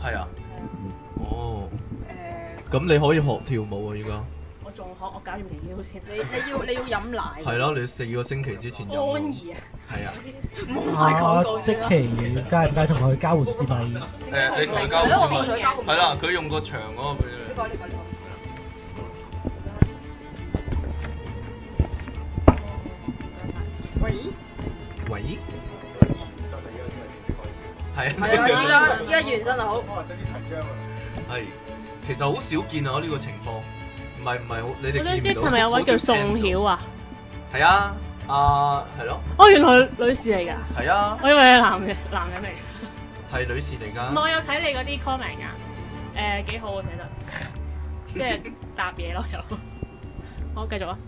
係啊的。係啊、嗯。哦。誒、呃。咁你可以學跳舞啊，依家。仲可我搞掂條腰先，你你要你要飲奶。係咯，你四個星期之前。安怡啊。係啊。唔好講咁多先啦。啊，星期二加唔加同佢交換紙幣？誒，你同佢交換。係咯，係啦，佢用個長嗰個俾你。喂？呢個呢個呢個。喂？喂？係啊！依家依家完身就好。我整啲提張啊。係，其實好少見啊呢個情況。唔係唔係你哋見我唔知係咪有位叫宋曉啊？係 啊，啊，係咯、啊。哦，原來女士嚟噶。係啊。我以為你係男嘅，男嘅嚟。係女士嚟㗎。我有睇你嗰啲 comment 啊，誒、呃、幾好啊，寫得，即係答嘢咯又。啊、 好，繼續啊。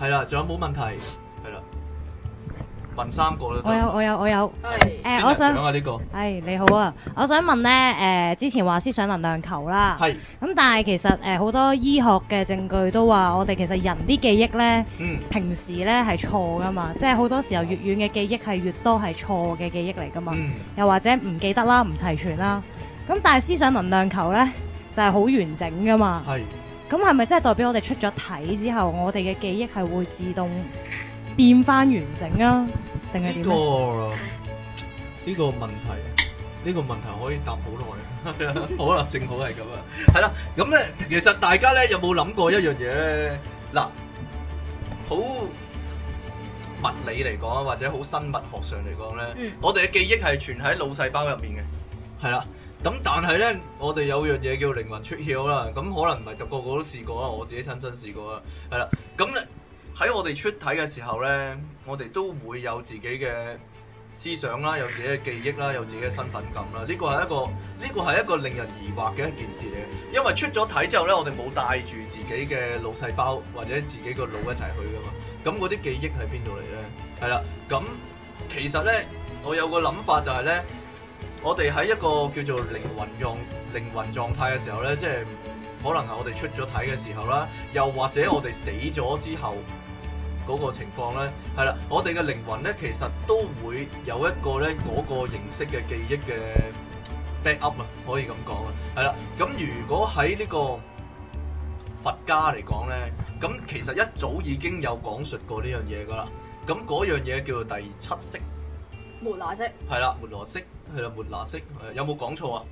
係啦，仲有冇問題？係啦、啊。問三個啦，我有我有我有，誒、欸啊欸，我想講下呢個。誒、欸，你好啊，我想問咧，誒、呃，之前話思想能量球啦，咁係但係其實誒好、呃、多醫學嘅證據都話，我哋其實人啲記憶咧，嗯、平時咧係錯㗎嘛，即係好多時候越遠嘅記憶係越多係錯嘅記憶嚟㗎嘛，嗯、又或者唔記得啦，唔齊全啦，咁但係思想能量球咧就係、係、好完整㗎嘛，咁係咪真係代表我哋出咗體之後，我哋嘅記憶係會自動變翻完整啊？定係點啊？呢個呢個問題，呢個問題可以答好耐。好啦， 正好係咁啊，係啦。 咁咧，其實大家咧有冇諗過一樣嘢咧？嗱，好物理嚟講啊，或者好生物學上嚟講咧，我哋嘅記憶係存喺腦細胞入面嘅，係啦。咁但係咧，我哋有樣嘢叫靈魂出竅啦。咁可能唔係，個個都試過啦。我自己親身試過啦，係啦。咁咧。喺我哋出體嘅時候呢，我哋都會有自己嘅思想啦，有自己嘅記憶啦，有自己嘅身份感啦。呢個係一個，呢個係一個令人疑惑嘅一件事嚟。因為出咗體之後呢，我哋冇帶住自己嘅腦細胞或者自己個腦一齊去噶嘛。咁嗰啲記憶喺邊度嚟呢？係啦。咁其實呢，我有個諗法就係呢：我哋喺一個叫做靈魂用、靈魂狀態嘅時候呢，即係可能係我哋出咗體嘅時候啦，又或者我哋死咗之後。嗰個情況咧，係啦，我哋嘅靈魂咧，其實都會有一個咧嗰個形式嘅記憶嘅 back up 啊，可以咁講啊，係啦，咁如果喺呢個佛家嚟講咧，咁其實一早已經有講述過呢樣嘢噶啦，咁嗰樣嘢叫做第七識，末那識，係啦，末羅識，係啦，末那識，有冇講錯啊？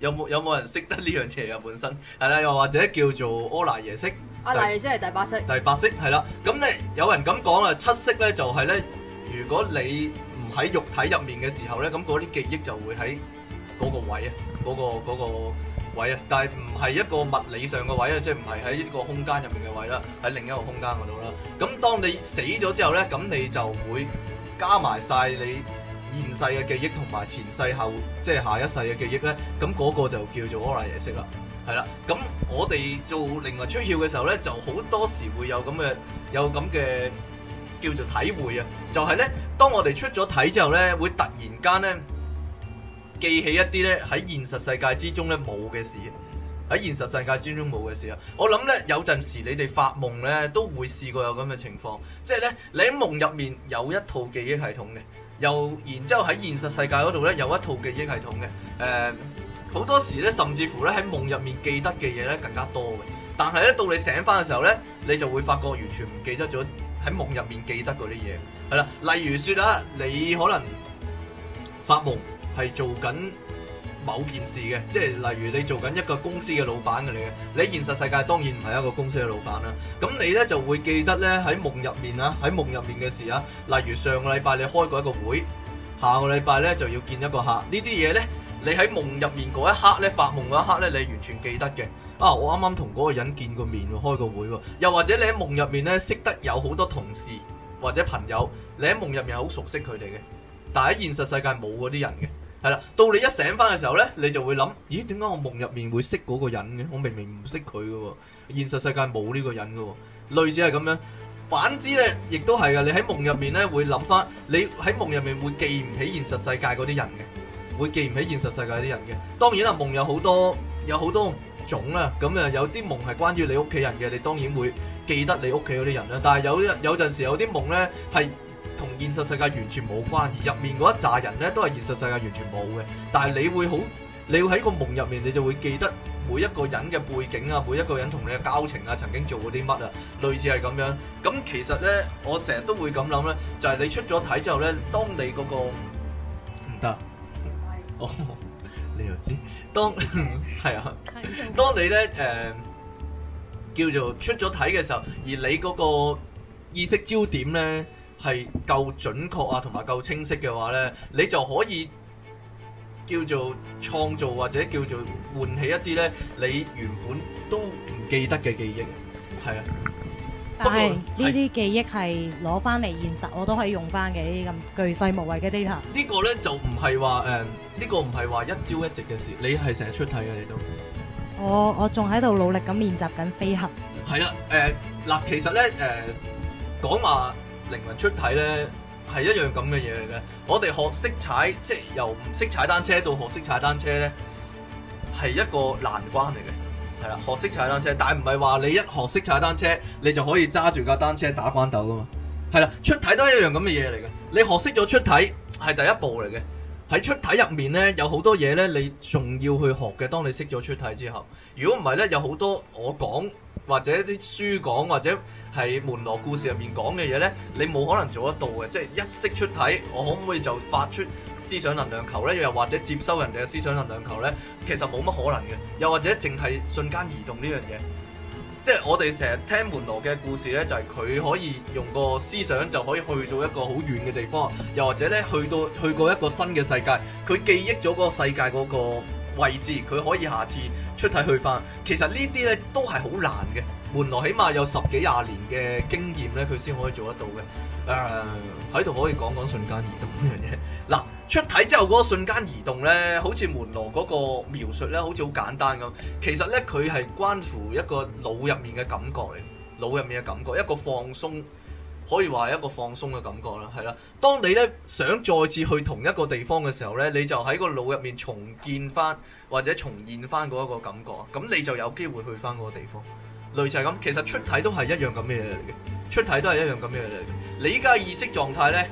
有冇有冇人識得呢樣嘢啊？本身係啦，又或者叫做柯那耶識。阿賴耶先係第八識，第八識係啦。咁咧有人咁講啊，七識咧就係、是、咧，如果你唔喺肉體入面嘅時候咧，咁嗰啲記憶就會喺嗰個位啊，嗰、那個、那個位啊。但係唔係一個物理上嘅位啊，即係唔係喺一個空間入面嘅位啦，喺另一個空間嗰度啦。咁當你死咗之後咧，咁你就會加埋晒你現世嘅記憶同埋前世後，即、就、係、是、下一世嘅記憶咧。咁嗰個就叫做阿賴耶識啦。係啦，咁我哋做靈魂出竅嘅時候咧，就好多時會有咁嘅有咁嘅叫做體會啊。就係、是、咧，當我哋出咗體之後咧，會突然間咧記起一啲咧喺現實世界之中咧冇嘅事，喺現實世界之中冇嘅事啊。我諗咧有陣時你哋發夢咧都會試過有咁嘅情況，即係咧你喺夢入面有一套記憶系統嘅，又然之後喺現實世界嗰度咧有一套記憶系統嘅，誒、呃。好多時咧，甚至乎咧喺夢入面記得嘅嘢咧更加多嘅。但係咧，到你醒翻嘅時候咧，你就會發覺完全唔記得咗喺夢入面記得嗰啲嘢。係啦，例如説啦，你可能發夢係做緊某件事嘅，即係例如你做緊一個公司嘅老闆嚟嘅。你喺現實世界當然唔係一個公司嘅老闆啦。咁你咧就會記得咧喺夢入面啦，喺夢入面嘅事啦。例如上個禮拜你開過一個會，下個禮拜咧就要見一個客，呢啲嘢咧。你喺夢入面嗰一刻咧，發夢嗰一刻咧，你完全記得嘅。啊，我啱啱同嗰個人見過面，開過會喎。又或者你喺夢入面咧，識得有好多同事或者朋友，你喺夢入面好熟悉佢哋嘅，但喺現實世界冇嗰啲人嘅。係啦，到你一醒翻嘅時候咧，你就會諗，咦，點解我夢入面會識嗰個人嘅？我明明唔識佢嘅，現實世界冇呢個人嘅。類似係咁樣。反之咧，亦都係嘅。你喺夢入面咧，會諗翻，你喺夢入面會記唔起現實世界嗰啲人嘅。會記唔起現實世界啲人嘅，當然啦，夢有好多，有好多種啦。咁啊，有啲夢係關於你屋企人嘅，你當然會記得你屋企嗰啲人啦。但係有有陣時有啲夢呢係同現實世界完全冇關，而入面嗰一紮人呢，都係現實世界完全冇嘅。但係你會好，你會喺個夢入面，你就會記得每一個人嘅背景啊，每一個人同你嘅交情啊，曾經做過啲乜啊，類似係咁樣。咁其實呢，我成日都會咁諗呢，就係你出咗體之後呢，當你嗰個……唔得。哦，你又知？當係、嗯、啊，當你咧誒、呃，叫做出咗體嘅時候，而你嗰個意識焦點咧係夠準確啊，同埋夠清晰嘅話咧，你就可以叫做創造或者叫做喚起一啲咧你原本都唔記得嘅記憶，係啊。但係呢啲記憶係攞翻嚟現實，我都可以用翻嘅咁巨細無遺嘅 data。個呢、嗯呢個咧就唔係話誒，呢個唔係話一朝一夕嘅事。你係成日出體嘅，你都我我仲喺度努力咁練習緊飛行。係啦，誒、呃、嗱，其實咧誒、呃、講話靈魂出體咧，係一樣咁嘅嘢嚟嘅。我哋學識踩，即、就、係、是、由唔識踩單車到學識踩單車咧，係一個難關嚟嘅。係啦，學識踩單車，但係唔係話你一學識踩單車，你就可以揸住架單車打關斗噶嘛？係啦，出體都係一樣咁嘅嘢嚟嘅。你學識咗出體係第一步嚟嘅，喺出體入面呢，有好多嘢呢，你仲要去學嘅。當你識咗出體之後，如果唔係呢，有好多我講或者啲書講或者係門羅故事入面講嘅嘢呢，你冇可能做得到嘅。即係一識出體，我可唔可以就發出？思想能量球咧，又或者接收人哋嘅思想能量球咧，其實冇乜可能嘅。又或者淨係瞬間移動呢樣嘢，即係我哋成日聽門羅嘅故事咧，就係佢可以用個思想就可以去到一個好遠嘅地方，又或者咧去到去過一個新嘅世界，佢記憶咗個世界嗰個位置，佢可以下次出體去翻。其實呢啲咧都係好難嘅，門羅起碼有十幾廿年嘅經驗咧，佢先可以做得到嘅。誒、呃，喺度可以講講瞬間移動呢樣嘢嗱。出體之後嗰個瞬間移動呢，好似門羅嗰個描述呢，好似好簡單咁。其實呢，佢係關乎一個腦入面嘅感覺嚟，腦入面嘅感覺，一個放鬆，可以話係一個放鬆嘅感覺啦，係啦。當你呢想再次去同一個地方嘅時候呢，你就喺個腦入面重建翻或者重現翻嗰一個感覺，咁你就有機會去翻嗰個地方，類似係咁。其實出體都係一樣咁嘅嘢嚟嘅，出體都係一樣咁嘅嘢嚟嘅。你依家意識狀態呢。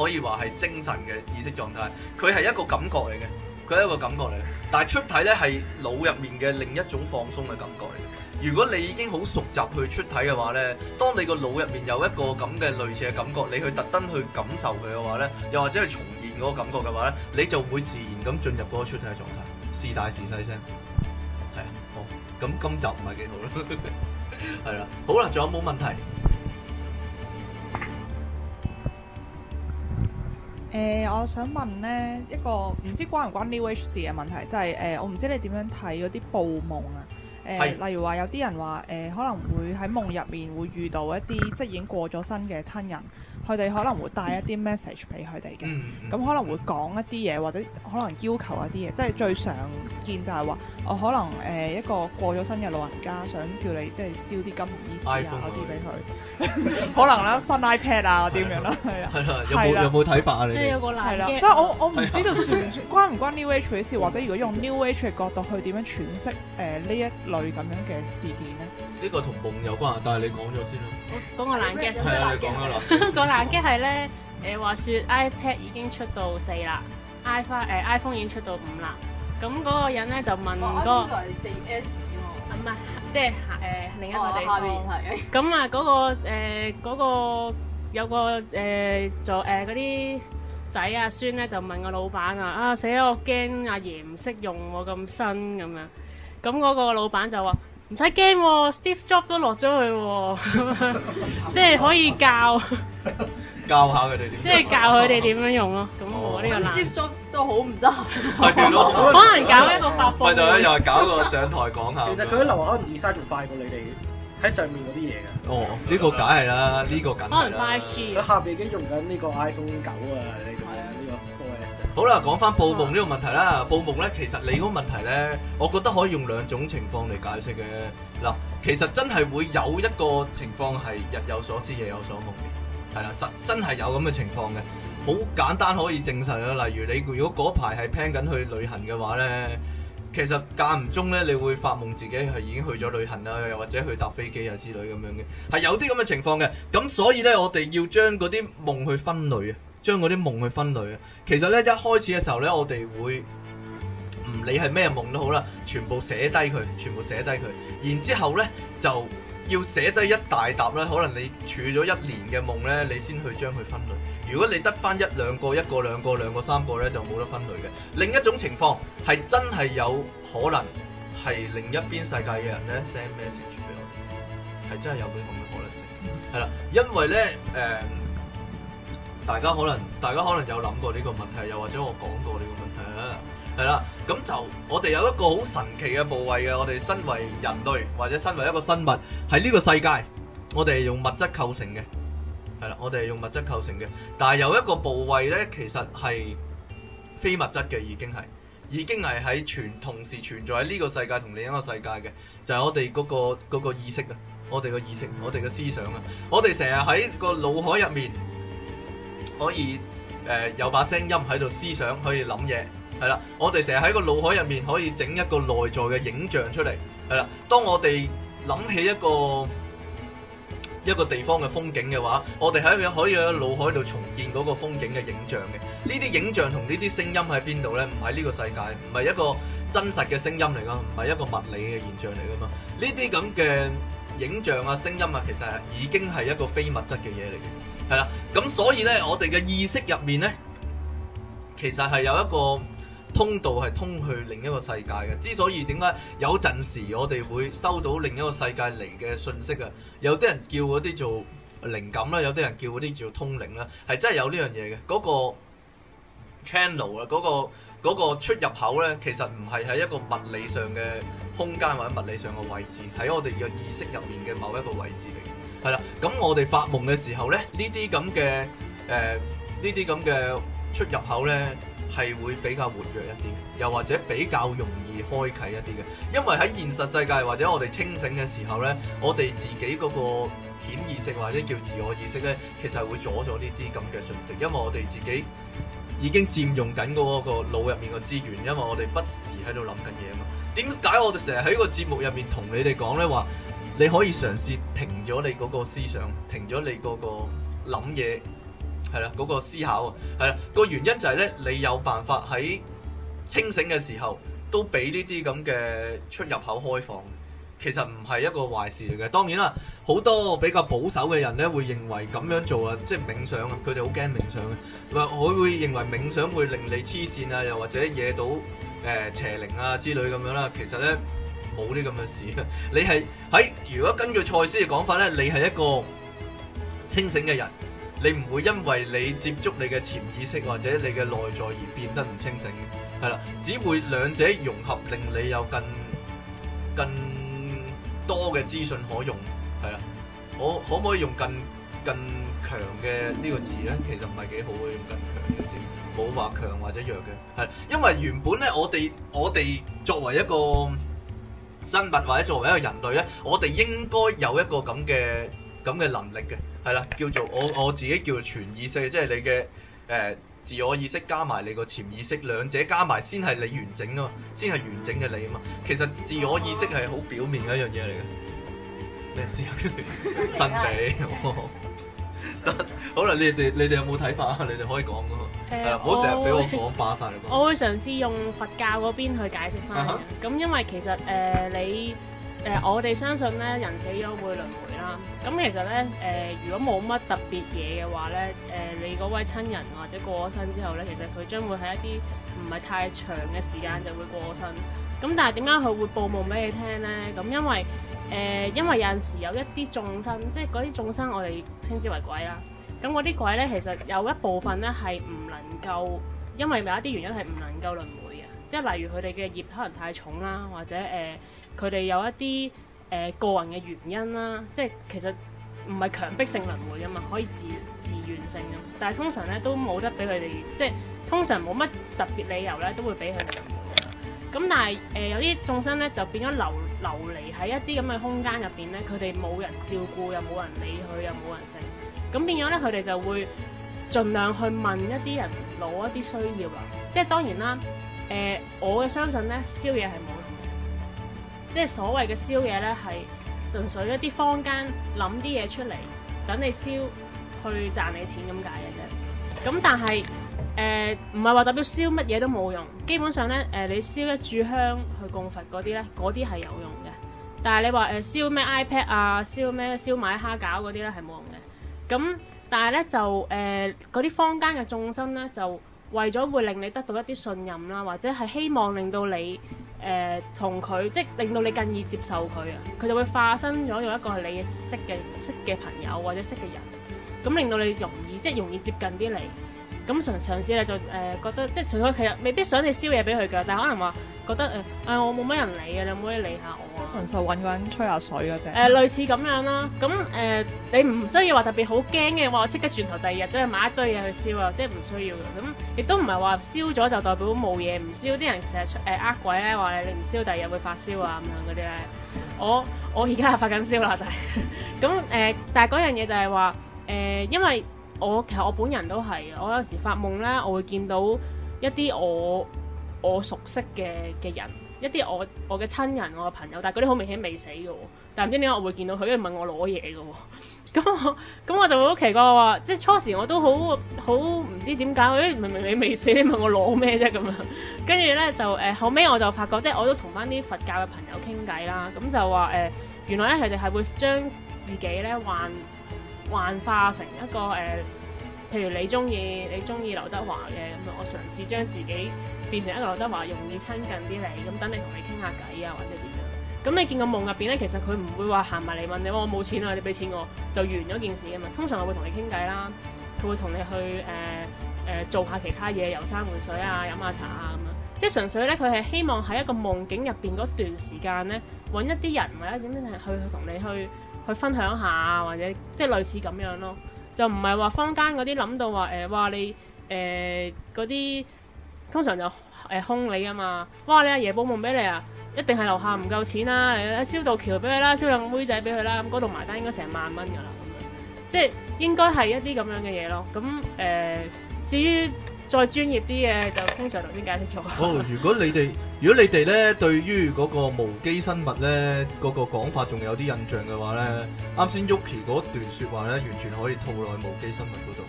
可以話係精神嘅意識狀態，佢係一個感覺嚟嘅，佢係一個感覺嚟嘅。但係出體咧係腦入面嘅另一種放鬆嘅感覺嚟嘅。如果你已經好熟習去出體嘅話咧，當你個腦入面有一個咁嘅類似嘅感覺，你去特登去感受佢嘅話咧，又或者去重現嗰個感覺嘅話咧，你就會自然咁進入嗰個出體嘅狀態。隨便隨便哦、時大時細聲，係 啊，好。咁今集唔係幾好啦，係啦。好啦，仲有冇問題？誒、呃，我想問咧一個唔知關唔關 New Age 嘅問題，就係、是、誒、呃，我唔知你點樣睇嗰啲報夢啊？誒、呃，是例如話有啲人話誒、呃，可能會喺夢入面會遇到一啲即係已經過咗身嘅親人。佢哋可能會帶一啲 message 俾佢哋嘅，咁可能會講一啲嘢，或者可能要求一啲嘢，即係最常見就係話，我可能誒一個過咗身嘅老人家想叫你即係燒啲金銀衣紙啊嗰啲俾佢，可能啦，新 iPad 啊嗰啲咁樣啦，係啊，有冇有冇睇法啊？你即係有個啦，即係我我唔知道算唔算關唔關 New Age 嘅事，或者如果用 New Age 嘅角度去點樣詮釋誒呢一類咁樣嘅事件咧？呢個同夢有關，但係你講咗先。講個冷機，係啊，講啊落。講冷機係咧，誒，話說 iPad 已經出到四啦，iPhone 誒，iPhone 已經出到五啦。咁嗰個人咧就問個，原來係四 S 嘅喎。唔係，即係誒，另一個地方下邊。咁啊，嗰個誒，嗰個有個誒，就誒嗰啲仔啊孫咧就問個老闆啊，啊死啦，我驚阿爺唔識用我咁新咁樣。咁嗰個老闆就話。唔使驚喎，Steve Jobs 都落咗去喎，即係可以教教下佢哋點，即係教佢哋點樣用咯。咁我呢個 Steve Jobs 都好唔得，可能搞一個發佈。咪就係又係搞一個上台講下。其實佢喺樓下仲快過你哋喺上面嗰啲嘢㗎。哦，呢個梗係啦，呢個梗。可能快啲，佢下邊已經用緊呢個 iPhone 九啊！呢個。好啦，講翻報夢呢個問題啦，報夢呢，其實你嗰個問題咧，我覺得可以用兩種情況嚟解釋嘅。嗱，其實真係會有一個情況係日有所思夜有所夢嘅，係啦，實真係有咁嘅情況嘅，好簡單可以證實啊。例如你如果嗰排係 plan 緊去旅行嘅話呢，其實間唔中呢，你會發夢自己係已經去咗旅行啦，又或者去搭飛機啊之類咁樣嘅，係有啲咁嘅情況嘅。咁所以呢，我哋要將嗰啲夢去分類啊。將嗰啲夢去分類嘅，其實咧一開始嘅時候咧，我哋會唔理係咩夢都好啦，全部寫低佢，全部寫低佢。然之後咧就要寫低一大沓咧，可能你儲咗一年嘅夢咧，你先去將佢分類。如果你得翻一兩個、一個兩個、兩個三個咧，就冇得分類嘅。另一種情況係真係有可能係另一邊世界嘅人咧 send message 俾我哋，係真係有啲咁嘅可能性。係啦，因為咧誒。呃大家可能，大家可能有諗過呢個問題，又或者我講過呢個問題，係啦。咁就我哋有一個好神奇嘅部位嘅，我哋身為人類或者身為一個生物，喺呢個世界，我哋係用物質構，構成嘅，係啦，我哋係用物質構，構成嘅。但係有一個部位呢其實係非物質嘅，已經係，已經係喺存同時存在喺呢個世界同另一個世界嘅，就係、係、我哋嗰、嗰個個意識啊，我、那、哋個意識，我哋嘅思想啊，我哋成日喺個腦海入面。可以誒、呃、有把聲音喺度思想，可以諗嘢，係啦。我哋成日喺個腦海入面可以整一個內在嘅影像出嚟，係啦。當我哋諗起一個一個地方嘅風景嘅話，我哋喺佢可以喺腦海度重建嗰個風景嘅影像嘅。呢啲影像同呢啲聲音喺邊度呢？唔喺呢個世界，唔係一個真實嘅聲音嚟㗎，唔係一個物理嘅現象嚟噶嘛。呢啲咁嘅影像啊、聲音啊，其實已經係一個非物質嘅嘢嚟嘅。係啦，咁所以咧，我哋嘅意識入面咧，其實係有一個通道係通去另一個世界嘅。之所以點解有陣時我哋會收到另一個世界嚟嘅信息啊，有啲人叫啲做靈感啦，有啲人叫啲叫通靈啦，係真係有呢樣嘢嘅。嗰個 channel 啊、嗰個、嗰個出入口咧，其實唔係喺一個物理上嘅空間或者物理上嘅位置，喺我哋嘅意識入面嘅某一個位置。係啦，咁我哋發夢嘅時候咧，呢啲咁嘅誒，呢啲咁嘅出入口咧係會比較活躍一啲，又或者比較容易開啟一啲嘅。因為喺現實世界或者我哋清醒嘅時候咧，我哋自己嗰個顯意識或者叫自我意識咧，其實係會阻咗呢啲咁嘅信息，因為我哋自己已經佔用緊嗰個腦入面嘅資源，因為我哋不時喺度諗緊嘢啊嘛。點解我哋成日喺個節目入面同你哋講咧話？你可以嘗試停咗你嗰個思想，停咗你嗰個諗嘢，係啦，嗰個思考啊，係啦，個原因就係咧，你有辦法喺清醒嘅時候都俾呢啲咁嘅出入口開放，其實唔係一個壞事嚟嘅。當然啦，好多比較保守嘅人咧會認為咁樣做啊，即係冥想啊，佢哋好驚冥想嘅，話我會認為冥想會令你黐線啊，又或者惹到誒邪靈啊之類咁樣啦。其實咧～冇啲咁嘅事。你係喺如果根據賽斯嘅講法咧，你係一個清醒嘅人，你唔會因為你接觸你嘅潛意識或者你嘅內在而變得唔清醒嘅，係啦，只會兩者融合，令你有更更多嘅資訊可用，係啦。我可唔可以用更更強嘅呢個字咧？其實唔係幾好嘅，用更強嘅字冇話強或者弱嘅，係因為原本咧，我哋我哋作為一個生物或者作為一個人類咧，我哋應該有一個咁嘅咁嘅能力嘅，係啦，叫做我我自己叫做全意識，即係你嘅誒、呃、自我意識加埋你個潛意識，兩者加埋先係你完整啊嘛，先係完整嘅你啊嘛。其實自我意識係好表面嘅一樣嘢嚟嘅，咩事啊？身體。 好啦，你哋你哋有冇睇法，呃、啊？你哋可以講噶，唔好成日俾我講霸晒。我會嘗試用佛教嗰邊去解釋翻。咁、uh huh. 因為其實誒、呃，你誒、呃，我哋相信咧，人死咗會輪啦，咁其實咧，誒、呃，如果冇乜特別嘢嘅話咧，誒、呃，你嗰位親人或者過咗身之後咧，其實佢將會喺一啲唔係太長嘅時間就會過身。咁但係點解佢會報夢俾你聽咧？咁因為誒、呃，因為有陣時有一啲眾生，即係嗰啲眾生，我哋稱之為鬼啦。咁嗰啲鬼咧，其實有一部分咧係唔能夠，因為有一啲原因係唔能夠輪迴嘅，即係例如佢哋嘅業可能太重啦，或者誒，呃，佢哋有一啲。誒、呃、個人嘅原因啦，即係其實唔係強迫性輪迴噶嘛，可以自自願性噶。但係通常咧都冇得俾佢哋，即係通常冇乜特別理由咧，都會俾佢哋輪迴。咁但係誒、呃、有啲眾生咧就變咗流流離喺一啲咁嘅空間入邊咧，佢哋冇人照顧，又冇人理佢，又冇人性人食。咁變咗咧，佢哋就會盡量去問一啲人攞一啲需要啦。即係當然啦，誒、呃、我嘅相信咧，宵夜係冇。即係所謂嘅燒嘢呢，係純粹一啲坊間諗啲嘢出嚟，等你燒去賺你錢咁解嘅啫。咁但係誒唔係話代表燒乜嘢都冇用，基本上呢，誒、呃、你燒一炷香去供佛嗰啲呢，嗰啲係有用嘅。但係你話誒燒咩 iPad 啊，燒咩燒賣蝦餃嗰啲呢，係冇用嘅。咁但係呢，就誒嗰啲坊間嘅眾生呢，就。為咗會令你得到一啲信任啦，或者係希望令到你誒、呃、同佢，即係令到你更易接受佢啊，佢就會化身咗有一個係你識嘅識嘅朋友或者識嘅人，咁令到你容易即係容易接近啲你。咁嘗嘗試咧，就誒、呃、覺得即係，除咗佢又未必想你燒嘢俾佢嘅，但係可能話覺得誒誒、呃哎，我冇乜人理嘅，你可唔可以理下我啊？純粹揾個人吹下水嘅啫。誒、呃，類似咁樣啦。咁誒、呃，你唔需要話特別好驚嘅，話我即刻轉頭第二日走去買一堆嘢去燒啊，即係唔需要嘅。咁亦都唔係話燒咗就代表冇嘢，唔燒啲人成日誒呃鬼咧，話你唔燒第二日會發燒啊咁樣嗰啲咧。我我而家係發緊燒啦就係，咁誒，但係嗰、呃、樣嘢就係話誒，因為。我其實我本人都係，我有時發夢咧，我會見到一啲我我熟悉嘅嘅人，一啲我我嘅親人，我嘅朋友，但係嗰啲好明顯未死嘅，但係唔知點解我會見到佢，跟住問我攞嘢嘅，咁我咁我就會好奇怪，即係初時我都好好唔知點解，我、哎、明明你未死，你問我攞咩啫咁樣。跟住咧就誒、呃、後尾我就發覺，即係我都同返啲佛教嘅朋友傾偈啦，咁就話誒原來咧佢哋係會將自己咧幻。幻化成一個誒、呃，譬如你中意你中意劉德華嘅咁啊，我嘗試將自己變成一個劉德華容易親近啲你，咁等你同你傾下偈啊或者點樣。咁你見個夢入邊咧，其實佢唔會話行埋嚟問你話我冇錢啊，你俾錢我就完咗件事啊嘛。通常我會同你傾偈啦，佢會同你去誒誒、呃呃、做下其他嘢，遊山玩水啊，飲下茶啊咁啊。即係純粹咧，佢係希望喺一個夢境入邊嗰段時間咧，揾一啲人或者點樣去同你去。去去去去去去去分享下或者即係類似咁樣咯，就唔係話坊間嗰啲諗到話誒、呃，哇你誒嗰啲通常就誒空、呃、你啊嘛，哇你阿爺報夢俾你啊，一定係樓下唔夠錢、啊你啊、燒道橋啦，誒燒道橋俾佢啦，燒兩妹仔俾佢啦，咁嗰度埋單應該成萬蚊噶啦，咁樣即係應該係一啲咁樣嘅嘢咯，咁誒、呃、至於。再專業啲嘅就通常頭先解釋咗。哦、 oh，如果你哋，如果你哋咧對於嗰個無機生物咧嗰，那個講法仲有啲印象嘅話咧，啱先 Yuki 嗰段説話咧，完全可以套落無機生物嗰度。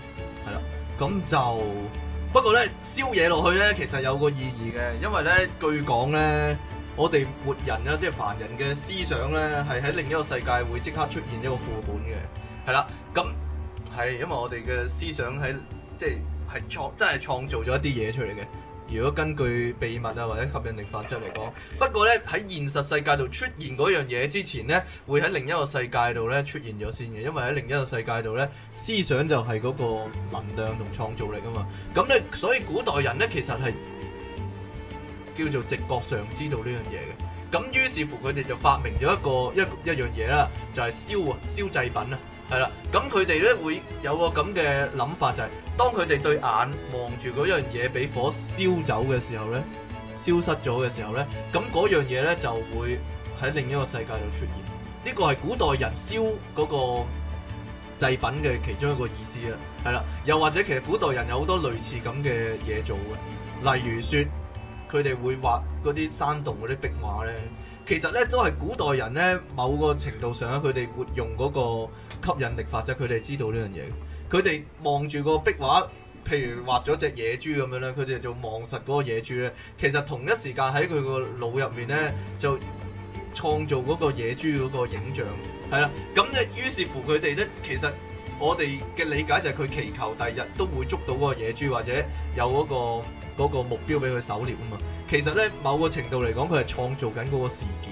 係啦，咁就不過咧，燒嘢落去咧，其實有個意義嘅，因為咧，據講咧，我哋活人呀，即、就、係、是，凡人嘅思想咧，係喺另一個世界會即刻出現一個副本嘅。係啦，咁係因為我哋嘅思想喺即係。就是係創真係創造咗一啲嘢出嚟嘅。如果根據秘密啊或者吸引力法則嚟講，不過呢，喺現實世界度出現嗰樣嘢之前呢，會喺另一個世界度呢出現咗先嘅。因為喺另一個世界度呢，思想就係嗰個能量同創造力啊嘛。咁呢，所以古代人呢，其實係叫做直覺上知道呢樣嘢嘅。咁於是乎佢哋就發明咗一個一一樣嘢啦，就係燒啊燒製品啊。係啦，咁佢哋咧會有個咁嘅諗法，就係當佢哋對眼望住嗰樣嘢俾火燒走嘅時候咧，消失咗嘅時候咧，咁嗰樣嘢咧就會喺另一個世界度出現。呢個係古代人燒嗰個祭品嘅其中一個意思啊。係啦，又或者其實古代人有好多類似咁嘅嘢做嘅，例如説佢哋會畫嗰啲山洞嗰啲壁畫咧，其實咧都係古代人咧某個程度上咧，佢哋活用嗰個吸引力法則，佢哋知道呢樣嘢。佢哋望住個壁畫，譬如畫咗隻野豬咁樣咧，佢哋就望實嗰個野豬咧。其實同一時間喺佢個腦入面咧，就創造嗰個野豬嗰個影像。係啦，咁即係於是乎佢哋咧，其實我哋嘅理解就係佢祈求第日都會捉到嗰個野豬，或者有嗰個嗰個目標俾佢狩獵啊嘛。其實咧，某個程度嚟講，佢係創造緊嗰個事件，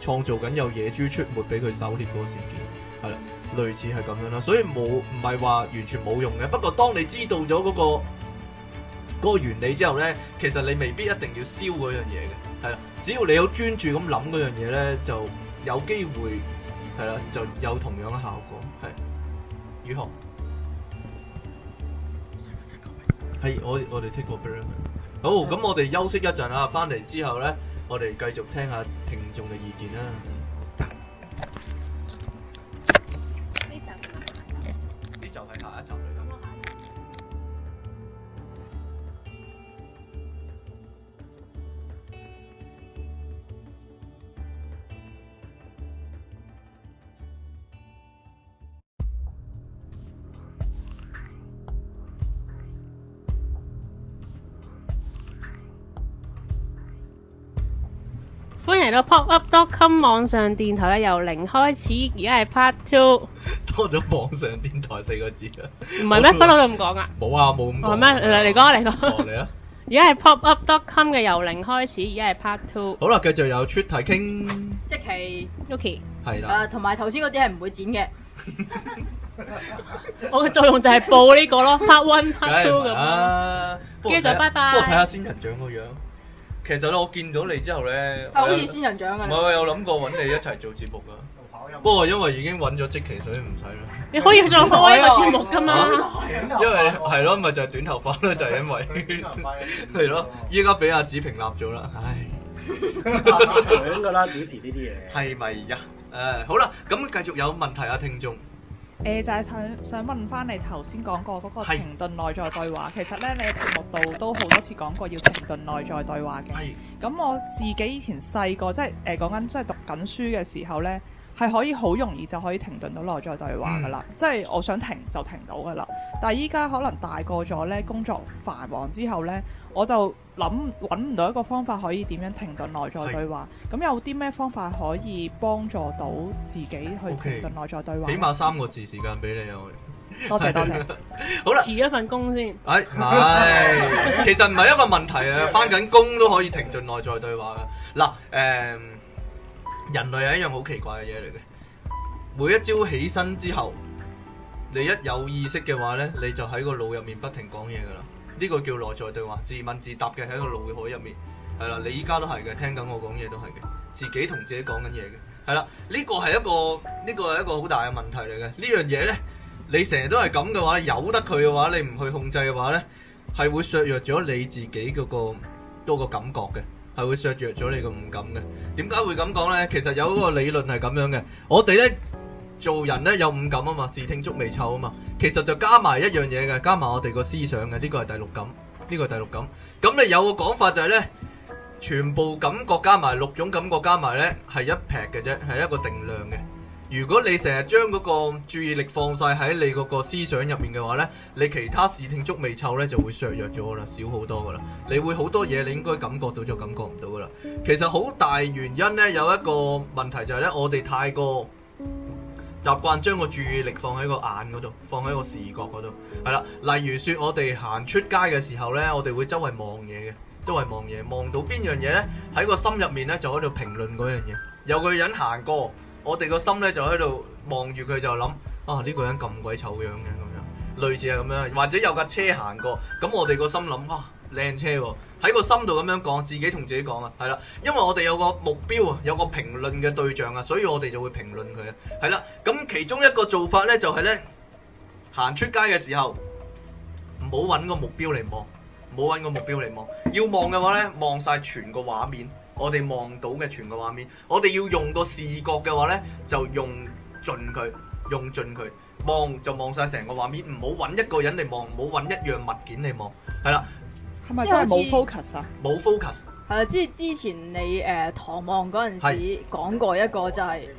創造緊有野豬出沒俾佢狩獵嗰個事件，係啦，類似係咁樣啦。所以冇唔係話完全冇用嘅。不過當你知道咗嗰個嗰個原理之後咧，其實你未必一定要燒嗰樣嘢嘅。係啦，只要你有專注咁諗嗰樣嘢咧，就有機會係啦，就有同樣嘅效果。係如何？係、 hey, 我我哋 take 個好，咁我哋休息一陣啊，翻嚟之後咧，我哋繼續聽下聽聽眾嘅意見啦。歡迎嚟到 pop up dot com 網上電台嘅由零開始，而家係 part two，多咗網上電台四個字啊！唔係咩？不嬲都咁講啊！冇啊，冇咁講咩？嚟講嚟講嚟啊！而家係 pop up dot com 嘅由零開始，而家係 part two。好啦，繼續有 t 出題傾，即係 Luki，係啦，同埋頭先嗰啲係唔會剪嘅。我嘅作用就係報呢個咯，part one part two 咁咯，跟住就拜拜。不過睇下仙人掌個樣。其實咧，我見到你之後咧，係好似仙人掌嘅。我有諗過搵你一齊做節目噶， 不過因為已經搵咗積奇，所以唔使啦。你可以再開一個節目噶嘛、 啊？因為係咯，咪就係短頭髮咯、啊，就係、是啊就是、因為係咯。依家俾阿子平立咗啦，唉，講噶啦，主持呢啲嘢。係咪而家？誒，好啦，咁繼續有問題啊，聽眾。誒、呃、就係、是、想想問翻你頭先講過嗰個停頓內在對話，是其實呢，你嘅節目度都好多次講過要停頓內在對話嘅。係是。咁我自己以前細個即係誒講緊即係讀緊書嘅時候呢，係可以好容易就可以停頓到內在對話噶啦，是即係我想停就停到噶啦。但係依家可能大個咗呢，工作繁忙之後呢。我就諗揾唔到一個方法可以點樣停頓內在對話，咁是有啲咩方法可以幫助到自己去停頓內在對話？Okay. 起碼三個字時間俾你啊！多謝多謝，好啦，辭咗份工先。係、哎哎、 其實唔係一個問題啊，翻緊工都可以停頓內在對話噶。嗱，誒、呃，人類係一樣好奇怪嘅嘢嚟嘅，每一朝起身之後，你一有意識嘅話呢，你就喺個腦入面不停講嘢噶啦。呢個叫內在對話，自問自答嘅喺個腦海入面，係啦，你依家都係嘅，聽緊我講嘢都係嘅，自己同自己講緊嘢嘅，係啦，呢個係一個，呢個係一個好大嘅問題嚟嘅，呢樣嘢呢，你成日都係咁嘅話，由得佢嘅話，你唔去控制嘅話，呢係會削弱咗你自己嗰個多個感覺嘅，係會削弱咗你個勇敢嘅。點解會咁講呢？其實有一個理論係咁樣嘅，我哋呢。做人咧有五感啊嘛，視聽觸味嗅啊嘛，其實就加埋一樣嘢嘅，加埋我哋個思想嘅，呢個係第六感，呢個係第六感。咁你有個講法就係呢：全部感覺加埋六種感覺加埋呢，係一劈嘅啫，係一個定量嘅。如果你成日將嗰個注意力放晒喺你嗰個思想入面嘅話呢，你其他視聽觸味嗅呢就會削弱咗啦，少好多噶啦。你會好多嘢，你應該感覺到就感覺唔到噶啦。其實好大原因呢，有一個問題就係呢：我哋太過。習慣將個注意力放喺個眼嗰度，放喺個視覺嗰度，係啦。例如說，我哋行出街嘅時候呢，我哋會周圍望嘢嘅，周圍望嘢，望到邊樣嘢呢？喺個心入面呢，就喺度評論嗰樣嘢。有個人行過，我哋個心呢，就喺度望住佢，就諗啊，呢個人咁鬼醜樣嘅。類似啊咁樣，或者有架車行過，咁我哋個心諗哇靚車喎，喺個心度咁樣講，自己同自己講啊，係啦，因為我哋有個目標啊，有個評論嘅對象啊，所以我哋就會評論佢啊，係啦，咁其中一個做法呢，就係呢：行出街嘅時候，唔好揾個目標嚟望，唔好揾個目標嚟望，要望嘅話呢，望晒全個畫面，我哋望到嘅全個畫面，我哋要用個視覺嘅話呢，就用盡佢，用盡佢。望就望晒成個畫面，唔好揾一個人嚟望，唔好揾一樣物件嚟望，係啦。係咪真係冇 focus 啊？冇 focus。係啦，即係之之前你誒，唐、呃、望嗰陣時講過一個就係、是，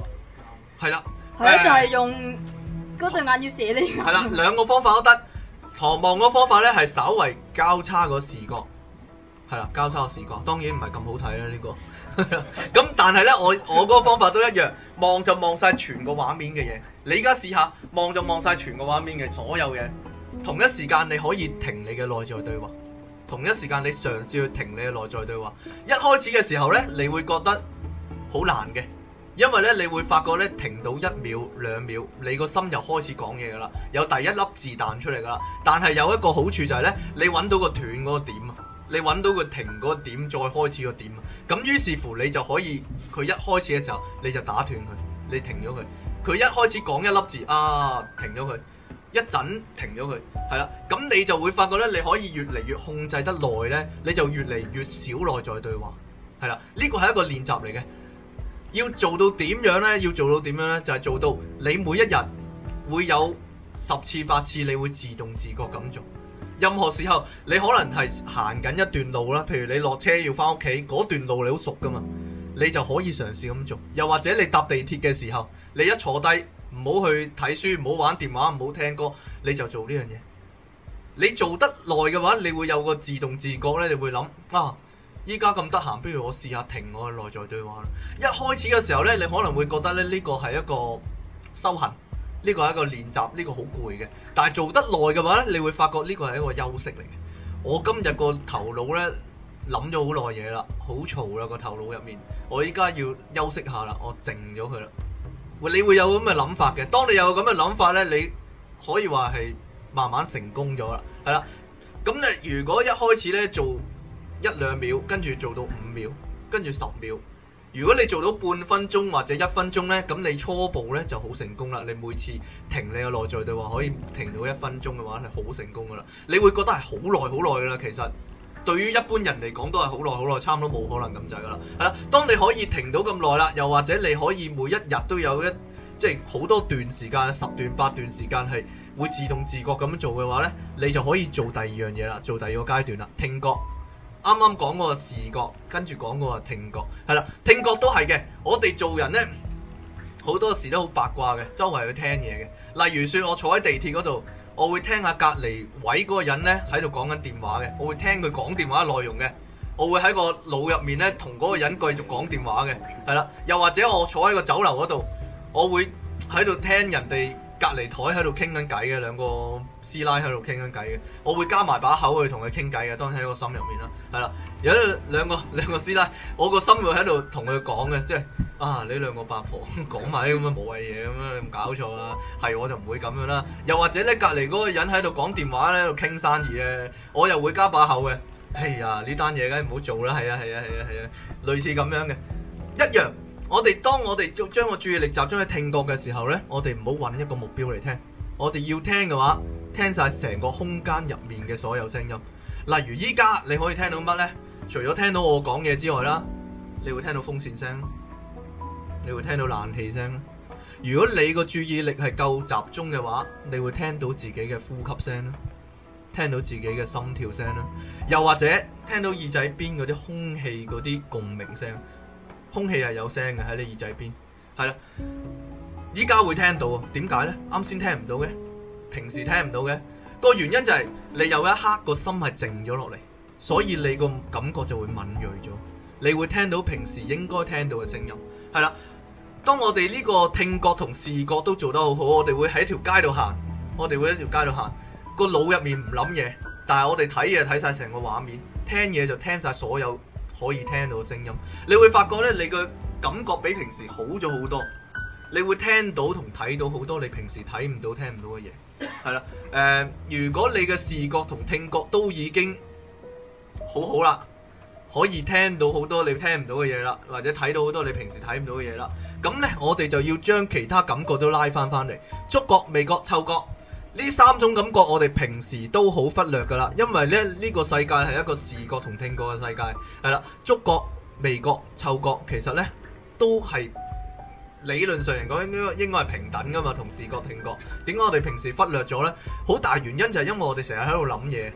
係啦了，係咯，就係用嗰對眼要斜啲、嗯。係啦 兩個方法都得。唐望個方法咧係稍為交叉個視覺，係啦，交叉個視覺，當然唔係咁好睇啦呢個。咁 但係呢，我我嗰個方法都一樣，望就望晒全個畫面嘅嘢。你而家試下，望就望晒全個畫面嘅所有嘢。同一時間你可以停你嘅內在對話，同一時間你嘗試去停你嘅內在對話。一開始嘅時候呢，你會覺得好難嘅，因為呢，你會發覺呢，停到一秒兩秒，你個心又開始講嘢噶啦，有第一粒字彈出嚟噶啦。但係有一個好處就係呢，你揾到個斷嗰個點啊！你揾到佢停嗰點，再開始個點，咁於是乎你就可以，佢一開始嘅時候你就打斷佢，你停咗佢，佢一開始講一粒字啊，停咗佢，一陣停咗佢，係啦，咁你就會發覺咧，你可以越嚟越控制得耐咧，你就越嚟越少內在對話，係啦，呢個係一個練習嚟嘅，要做到點樣咧？要做到點樣咧？就係做到你每一日會有十次、八次，你會自動自覺咁做。任何時候，你可能係行緊一段路啦，譬如你落車要返屋企，嗰段路你好熟㗎嘛，你就可以嘗試咁做。又或者你搭地鐵嘅時候，你一坐低，唔好去睇書，唔好玩電話，唔好聽歌，你就做呢樣嘢。你做得耐嘅話，你會有個自動自覺呢，你會諗啊，依家咁得閒，不如我試下停我嘅內在對話啦。一開始嘅時候呢，你可能會覺得呢呢個係一個修行。呢個係一個練習，呢個好攰嘅。但係做得耐嘅話呢，你會發覺呢個係一個休息嚟嘅。我今日個頭腦呢，諗咗好耐嘢啦，好嘈啦個頭腦入面。我依家要休息下啦，我靜咗佢啦。你會有咁嘅諗法嘅。當你有咁嘅諗法呢，你可以話係慢慢成功咗啦。係啦，咁你如果一開始呢，做一兩秒，跟住做到五秒，跟住十秒。如果你做到半分鐘或者一分鐘呢，咁你初步呢就好成功啦。你每次停你嘅內在嘅話，可以停到一分鐘嘅話，係好成功噶啦。你會覺得係好耐好耐噶啦。其實對於一般人嚟講，都係好耐好耐，差唔多冇可能咁就係噶啦。係啦，當你可以停到咁耐啦，又或者你可以每一日都有一即係好多段時間，十段八段時間係會自動自覺咁做嘅話呢，你就可以做第二樣嘢啦，做第二個階段啦，聽歌。啱啱講嗰個視覺，跟住講嗰個聽覺，係啦，聽覺都係嘅。我哋做人呢，好多時都好八卦嘅，周圍去聽嘢嘅。例如説，我坐喺地鐵嗰度，我會聽下隔離位嗰個人呢喺度講緊電話嘅，我會聽佢講電話內容嘅，我會喺個腦入面呢同嗰個人繼續講電話嘅，係啦。又或者我坐喺個酒樓嗰度，我會喺度聽人哋。隔離台喺度傾緊偈嘅兩個師奶喺度傾緊偈嘅，我會加埋把口去同佢傾偈嘅，當然喺個心入面啦。係啦，有個兩個兩個師奶，我個心會喺度同佢講嘅，即係啊，你兩個八婆講埋啲咁嘅冇謂嘢咁樣，你唔搞錯啊，係我就唔會咁樣啦。又或者咧，隔離嗰個人喺度講電話咧，喺度傾生意嘅，我又會加把口嘅。哎呀，呢單嘢梗係唔好做啦，係啊，係啊，係啊，係啊，類似咁樣嘅一樣。我哋當我哋將個注意力集中喺聽覺嘅時候呢，我哋唔好揾一個目標嚟聽，我哋要聽嘅話，聽晒成個空間入面嘅所有聲音。例如依家你可以聽到乜呢？除咗聽到我講嘢之外啦，你會聽到風扇聲，你會聽到冷氣聲。如果你個注意力係夠集中嘅話，你會聽到自己嘅呼吸聲啦，聽到自己嘅心跳聲啦，又或者聽到耳仔邊嗰啲空氣嗰啲共鳴聲。空氣係有聲嘅，喺你耳仔邊，係啦，依家會聽到啊？點解呢？啱先聽唔到嘅，平時聽唔到嘅，個原因就係、是、你有一刻個心係靜咗落嚟，所以你個感覺就會敏鋭咗，你會聽到平時應該聽到嘅聲音。係啦，當我哋呢個聽覺同視覺都做得好好，我哋會喺條街度行，我哋會喺條街度行，個腦入面唔諗嘢，但係我哋睇嘢睇晒成個畫面，聽嘢就聽晒所有。可以聽到聲音，你會發覺咧，你個感覺比平時好咗好多。你會聽到同睇到好多你平時睇唔到、聽唔到嘅嘢，係啦。誒，如果你嘅視覺同聽覺都已經好好啦，可以聽到好多你聽唔到嘅嘢啦，或者睇到好多你平時睇唔到嘅嘢啦。咁呢，我哋就要將其他感覺都拉翻翻嚟，觸覺、味覺、嗅覺。呢三種感覺，我哋平時都好忽略噶啦，因為咧呢個世界係一個視覺同聽覺嘅世界，係啦，觸覺、味覺、嗅覺，其實呢都係理論上嚟講應該應該係平等噶嘛，同視覺、聽覺。點解我哋平時忽略咗呢？好大原因就係因為我哋成日喺度諗嘢，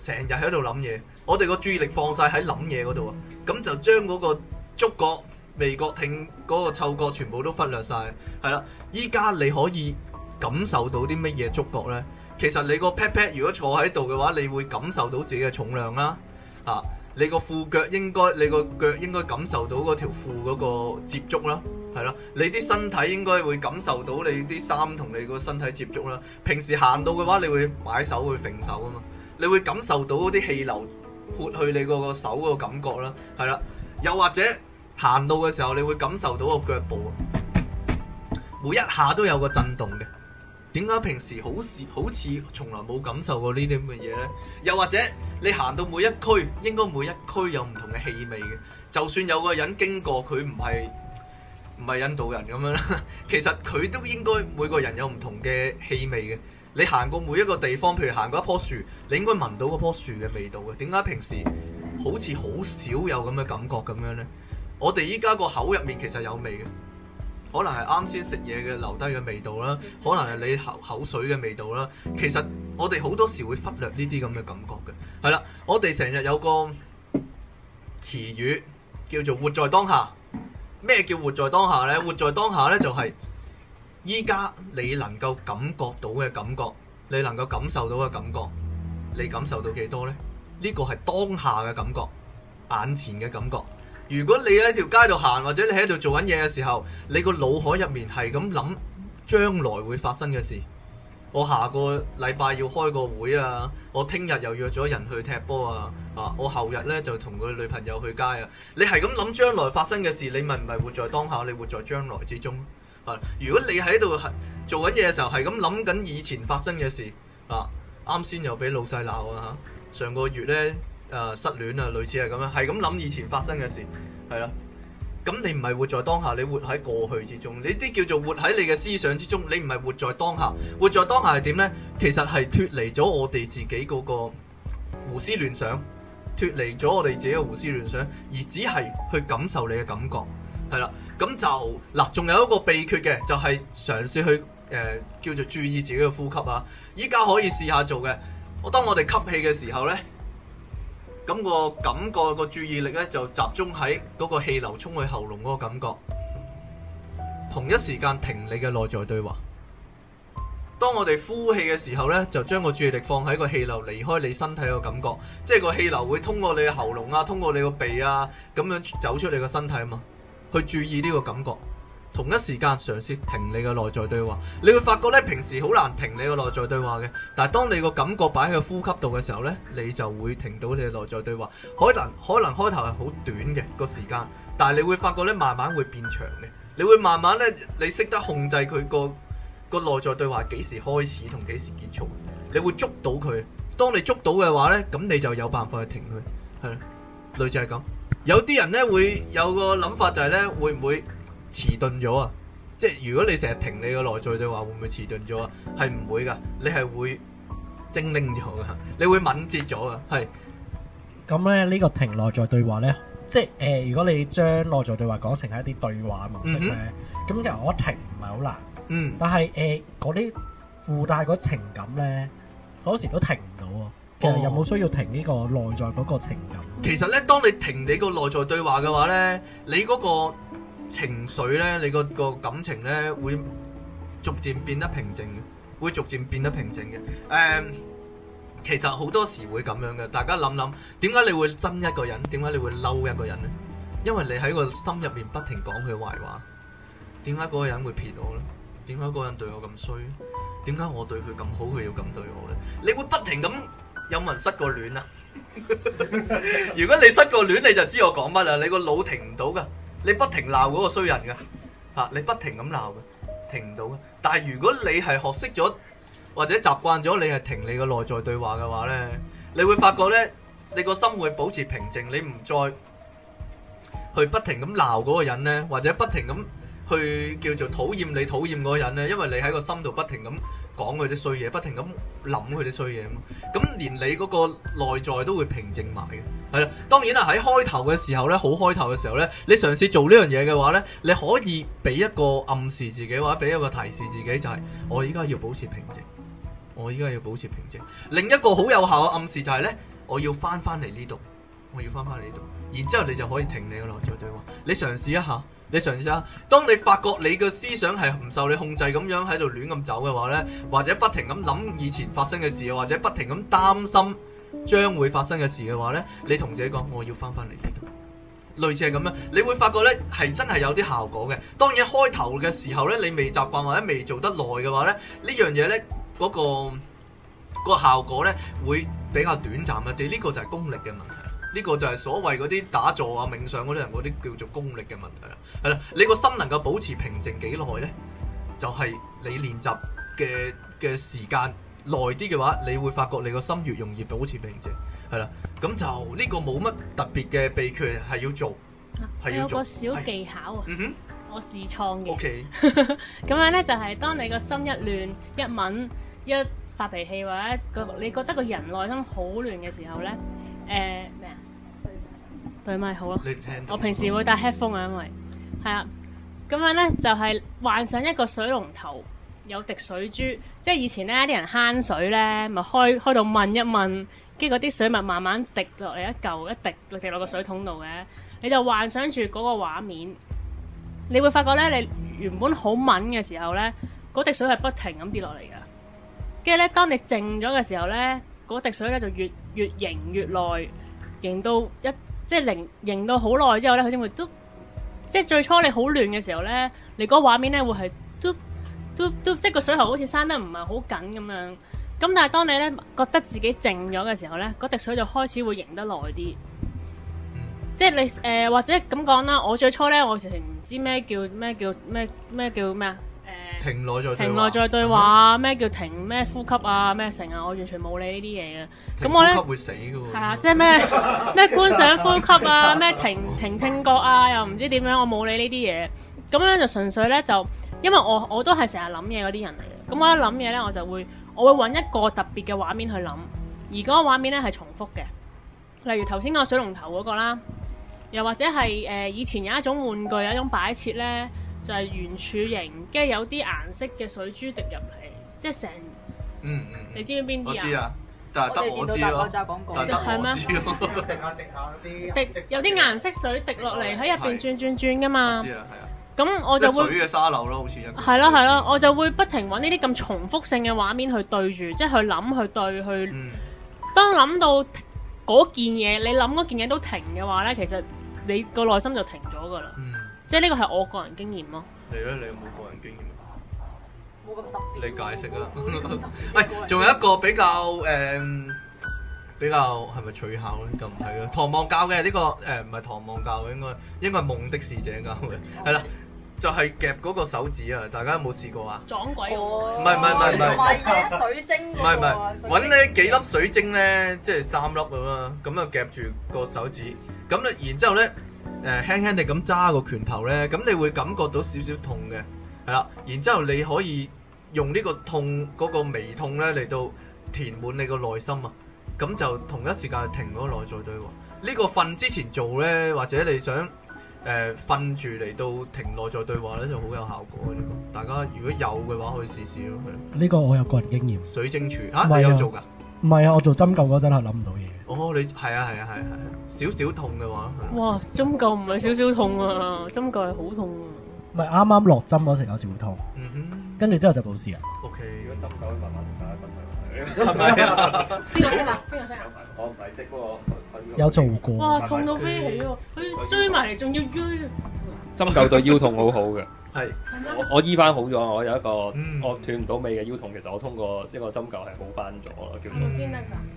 成日喺度諗嘢，我哋個注意力放晒喺諗嘢嗰度啊，咁就將嗰個觸覺、味覺、聽嗰個嗅覺全部都忽略晒。係啦。依家你可以。感受到啲乜嘢觸覺呢？其實你個 pat pat 如果坐喺度嘅話，你會感受到自己嘅重量啦。啊，你個褲腳應該，你個腳應該感受到嗰條褲嗰個接觸啦，係咯。你啲身體應該會感受到你啲衫同你個身體接觸啦。平時行路嘅話，你會擺手會揈手啊嘛，你會感受到嗰啲氣流撲去你個手個感覺啦，係啦。又或者行路嘅時候，你會感受到個腳步，每一下都有個震動嘅。點解平時好似好似從來冇感受過呢啲咁嘅嘢呢？又或者你行到每一區，應該每一區有唔同嘅氣味嘅。就算有個人經過，佢唔係唔係印度人咁樣啦，其實佢都應該每個人有唔同嘅氣味嘅。你行過每一個地方，譬如行過一棵樹，你應該聞到棵樹嘅味道嘅。點解平時好似好少有咁嘅感覺咁樣呢？我哋依家個口入面其實有味嘅。可能係啱先食嘢嘅留低嘅味道啦，可能係你口口水嘅味道啦。其實我哋好多時會忽略呢啲咁嘅感覺嘅。係啦，我哋成日有個詞語叫做活在當下。咩叫活在當下呢？「活在當下」呢就係依家你能夠感覺到嘅感覺，你能夠感受到嘅感覺，你感受到幾多呢？呢個係當下嘅感覺，眼前嘅感覺。如果你喺條街度行，或者你喺度做緊嘢嘅時候，你個腦海入面係咁諗將來會發生嘅事。我下個禮拜要開個會啊，我聽日又約咗人去踢波啊，啊，我後日呢，就同佢女朋友去街啊。你係咁諗將來發生嘅事，你咪唔係活在當下，你活在將來之中。啊，如果你喺度做緊嘢嘅時候，係咁諗緊以前發生嘅事，啊，啱先又俾老細鬧啊，上個月呢。誒、呃、失戀啊，類似係咁樣，係咁諗以前發生嘅事，係啦。咁你唔係活在當下，你活喺過去之中，呢啲叫做活喺你嘅思想之中。你唔係活在當下，活在當下係點呢？其實係脫離咗我哋自己嗰個胡思亂想，脫離咗我哋自己嘅胡思亂想，而只係去感受你嘅感覺，係啦。咁就嗱，仲有一個秘訣嘅，就係、是、嘗試去誒、呃、叫做注意自己嘅呼吸啊。依家可以試下做嘅，我當我哋吸氣嘅時候呢。咁個感覺個注意力咧就集中喺嗰個氣流衝去喉嚨嗰個感覺，同一時間停你嘅內在對話。當我哋呼氣嘅時候咧，就將個注意力放喺個氣流離開你身體嘅感覺，即係個氣流會通過你嘅喉嚨啊，通過你個鼻啊，咁樣走出你個身體啊嘛，去注意呢個感覺。同一時間嘗試停你嘅內在對話，你會發覺呢平時好難停你嘅內在對話嘅。但係當你個感覺擺喺個呼吸度嘅時候呢，你就會停到你嘅內在對話。可能可能開頭係好短嘅個時間，但係你會發覺呢慢慢會變長嘅。你會慢慢呢，你識得控制佢個個內在對話幾時開始同幾時結束，你會捉到佢。當你捉到嘅話呢，咁你就有辦法去停佢，係類似係咁。有啲人呢會有個諗法就係呢會唔會？遲鈍咗啊！即係如果你成日停你嘅內在對話，會唔會遲鈍咗啊？係唔會噶，你係會精靈咗噶，你會敏捷咗啊。係咁咧，呢、呢個停內在對話咧，即係誒、呃，如果你將內在對話講成係一啲對話模式咧，咁、嗯、哼其實我停唔係好難。嗯，但係誒嗰啲附帶嗰情感咧，嗰時都停唔到啊。其實有冇需要停呢個內在嗰個情感呢？嗯、其實咧，當你停你個內在對話嘅話咧，你嗰、嗰個。情緒咧，你個個感情咧，會逐漸變得平靜嘅，會逐漸變得平靜嘅。誒，其實好多時會咁樣嘅。大家諗諗，點解你會憎一個人？點解你會嬲一個人咧？因為你喺個心入面不停講佢壞話。點解嗰個人會撇我咧？點解嗰個人對我咁衰？點解我對佢咁好，佢要咁對我咧？你會不停咁，有冇人失過戀啊？如果你失過戀，你就知我講乜啦。你個腦停唔到噶。你不停鬧嗰個衰人㗎，吓！你不停咁鬧嘅，停唔到嘅。但係如果你係學識咗或者習慣咗，你係停你嘅內在對話嘅話咧，你會發覺咧，你個心會保持平靜，你唔再去不停咁鬧嗰個人咧，或者不停咁去叫做討厭你討厭嗰個人咧，因為你喺個心度不停咁。講佢啲衰嘢，不停咁諗佢啲衰嘢啊嘛，咁連你嗰個內在都會平靜埋嘅。係啦，當然啦，喺開頭嘅時候呢，好開頭嘅時候呢，你嘗試做呢樣嘢嘅話呢，你可以俾一個暗示自己，或者俾一個提示自己，就係我依家要保持平靜，我依家要保持平靜。另一個好有效嘅暗示就係呢：我要翻翻嚟呢度，我要翻翻嚟呢度，然之後你就可以停你嘅內在對話，你嘗試一下。你嘗試下，當你發覺你嘅思想係唔受你控制咁樣喺度亂咁走嘅話呢，或者不停咁諗以前發生嘅事，或者不停咁擔心將會發生嘅事嘅話呢，你同自己講我要翻返嚟呢度，類似係咁樣，你會發覺呢係真係有啲效果嘅。當然開頭嘅時候呢，你未習慣或者未做得耐嘅話呢，呢樣嘢呢、嗰個，嗰、嗰個、嗰個效果呢會比較短暫嘅。對、呢、呢個就係功力嘅問題。呢個就係所謂嗰啲打坐啊、冥想嗰啲人嗰啲叫做功力嘅問題啦。係啦，你個心能夠保持平靜幾耐咧，就係、是、你練習嘅嘅時間耐啲嘅話，你會發覺你個心越容易保持平靜。係啦，咁就呢、這個冇乜特別嘅秘訣係要做，係要做。有個小技巧啊，哎、我自創嘅。咁 Okay. 樣咧就係、是、當你個心一亂、一敏、一發脾氣或者個你覺得個人內心好亂嘅時候咧，誒咩啊？水咪好咯！我平時會戴 headphone 啊，因為係啊，咁樣呢，就係、是、幻想一個水龍頭有滴水珠，即係以前呢，啲人慳水呢，咪開開到問一問，跟住嗰啲水咪慢慢滴落嚟一嚿一,一滴，一滴落個水桶度嘅。你就幻想住嗰個畫面，你會發覺呢，你原本好敏嘅時候呢，嗰滴水係不停咁跌落嚟嘅。跟住呢，當你靜咗嘅時候呢，嗰滴水呢就越越凝越耐，凝到一。即係凝凝到好耐之後咧，佢先會嘟，即係最初你好亂嘅時候咧，你嗰畫面咧會係嘟嘟嘟，即係個水喉好似閂得唔係好緊咁樣。咁但係當你咧覺得自己靜咗嘅時候咧，嗰滴水就開始會凝得耐啲。即係你誒，或者咁講啦。我最初咧，我成日唔知咩叫咩叫咩咩叫咩啊。停內在停內在對話，咩、嗯、叫停咩呼吸啊咩成啊，我完全冇理呢啲嘢嘅。咁我咧呼吸會死嘅喎。啊、就係，即係咩咩觀賞呼吸啊，咩停停聽覺啊，又唔知點樣，我冇理呢啲嘢。咁樣就純粹咧，就因為我我都係成日諗嘢嗰啲人嚟嘅。咁我、嗯、一諗嘢咧，我就會我會揾一個特別嘅畫面去諗，而嗰個畫面咧係重複嘅。例如頭先個水龍頭嗰個啦，又或者係誒、呃、以前有一種玩具，有一種擺設咧。就係圓柱形，跟住有啲顏色嘅水珠滴入嚟，即係成，嗯，你知唔知邊啲啊？我知啊，就係得我知咯。就係講講，係咩？滴下滴下啲，滴有啲顏色水滴落嚟喺入邊轉轉轉噶嘛。知啊，係啊。咁我就會水嘅沙漏咯，好似一係咯，係咯，我就會不停揾呢啲咁重複性嘅畫面去對住，即係去諗去對去。當諗到嗰件嘢，你諗嗰件嘢都停嘅話咧，其實你個內心就停咗噶啦。即係呢個係我個人經驗咯。你咧，你有冇個人經驗？冇咁特別。你解釋啊。喂，仲有一個比較誒，比較係咪取巧咧？咁係啊。唐望教嘅呢個誒，唔係唐望教嘅，應該應該係夢的使者教嘅。係啦，就係夾嗰個手指啊！大家有冇試過啊？撞鬼喎！唔係唔係唔係唔係水晶。唔係唔係，揾呢幾粒水晶咧，即係三粒啊嘛。咁啊夾住個手指，咁咧然之後咧。誒，輕輕地咁揸個拳頭呢，咁你會感覺到少少痛嘅。係啦，然之後你可以用呢個痛嗰、嗰個微痛呢嚟到填滿你個內心啊，咁就同一時間停咗個內在對話。呢、呢個瞓之前做呢，或者你想誒瞓住嚟到停內在對話呢，就好有效果嘅。大家如果有嘅話，可以試試咯。呢個我有個人經驗，水晶柱啊，啊你有做噶？唔係啊，我做針灸嗰陣係諗唔到嘢。哦，你係啊係啊係係，少少、啊啊、痛嘅話。啊、哇，針灸唔係少少痛啊，針灸係好痛啊。唔係啱啱落針嗰時有少少痛，嗯哼、嗯，跟住之後就冇事啊。O K，如果針灸慢慢同大家分享係咪啊？邊個識啊？邊個識啊？我唔係識嗰個。有做過。哇，痛到飛起哦！佢、嗯、追埋嚟仲要追。針灸對腰痛好好嘅，係 是。我我醫翻好咗，我有一個我斷唔到尾嘅腰痛，其實我通過一個針灸係好翻咗咯，見到。嗯嗯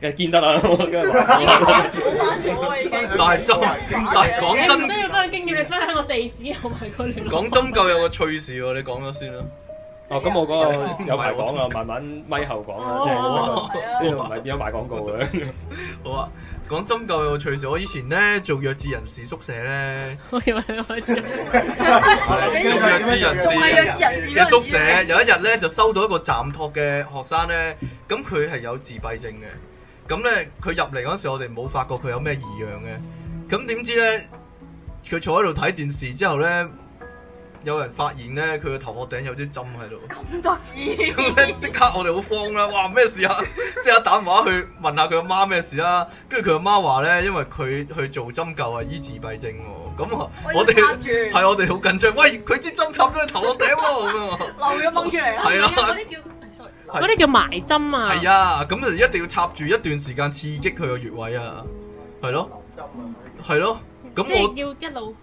嘅見得啦，好難做啊！依家，但係，但係講真，需要分享經驗，你分享個地址係咪？講針灸有個趣事喎，你講咗先啦。哦，咁我講，有排講啊，慢慢咪後講啊，即係我呢個唔係賣廣告嘅。好啊，講針灸有個趣事，我以前咧做弱智人士宿舍咧，我以為你開車，弱智人士嘅宿舍。有一日咧就收到一個暫託嘅學生咧，咁佢係有自閉症嘅。咁咧，佢入嚟嗰陣時，我哋冇發覺佢有咩異樣嘅。咁點知咧，佢坐喺度睇電視之後咧，有人發現咧，佢個頭殼頂有啲針喺度。咁得意！咁咧，即刻我哋好慌啦！哇，咩事啊？即刻打電話去問下佢阿媽咩事啦。跟住佢阿媽話咧，因為佢去做針灸啊，醫自閉症喎。咁我哋係我哋好緊張。喂，佢支針插咗喺頭殼頂喎。咁樣！漏咗掹出嚟啦！係啊！嗰啲叫埋針啊，係啊，咁就一定要插住一段時間刺激佢個穴位啊，係咯，係咯，咁我要一路。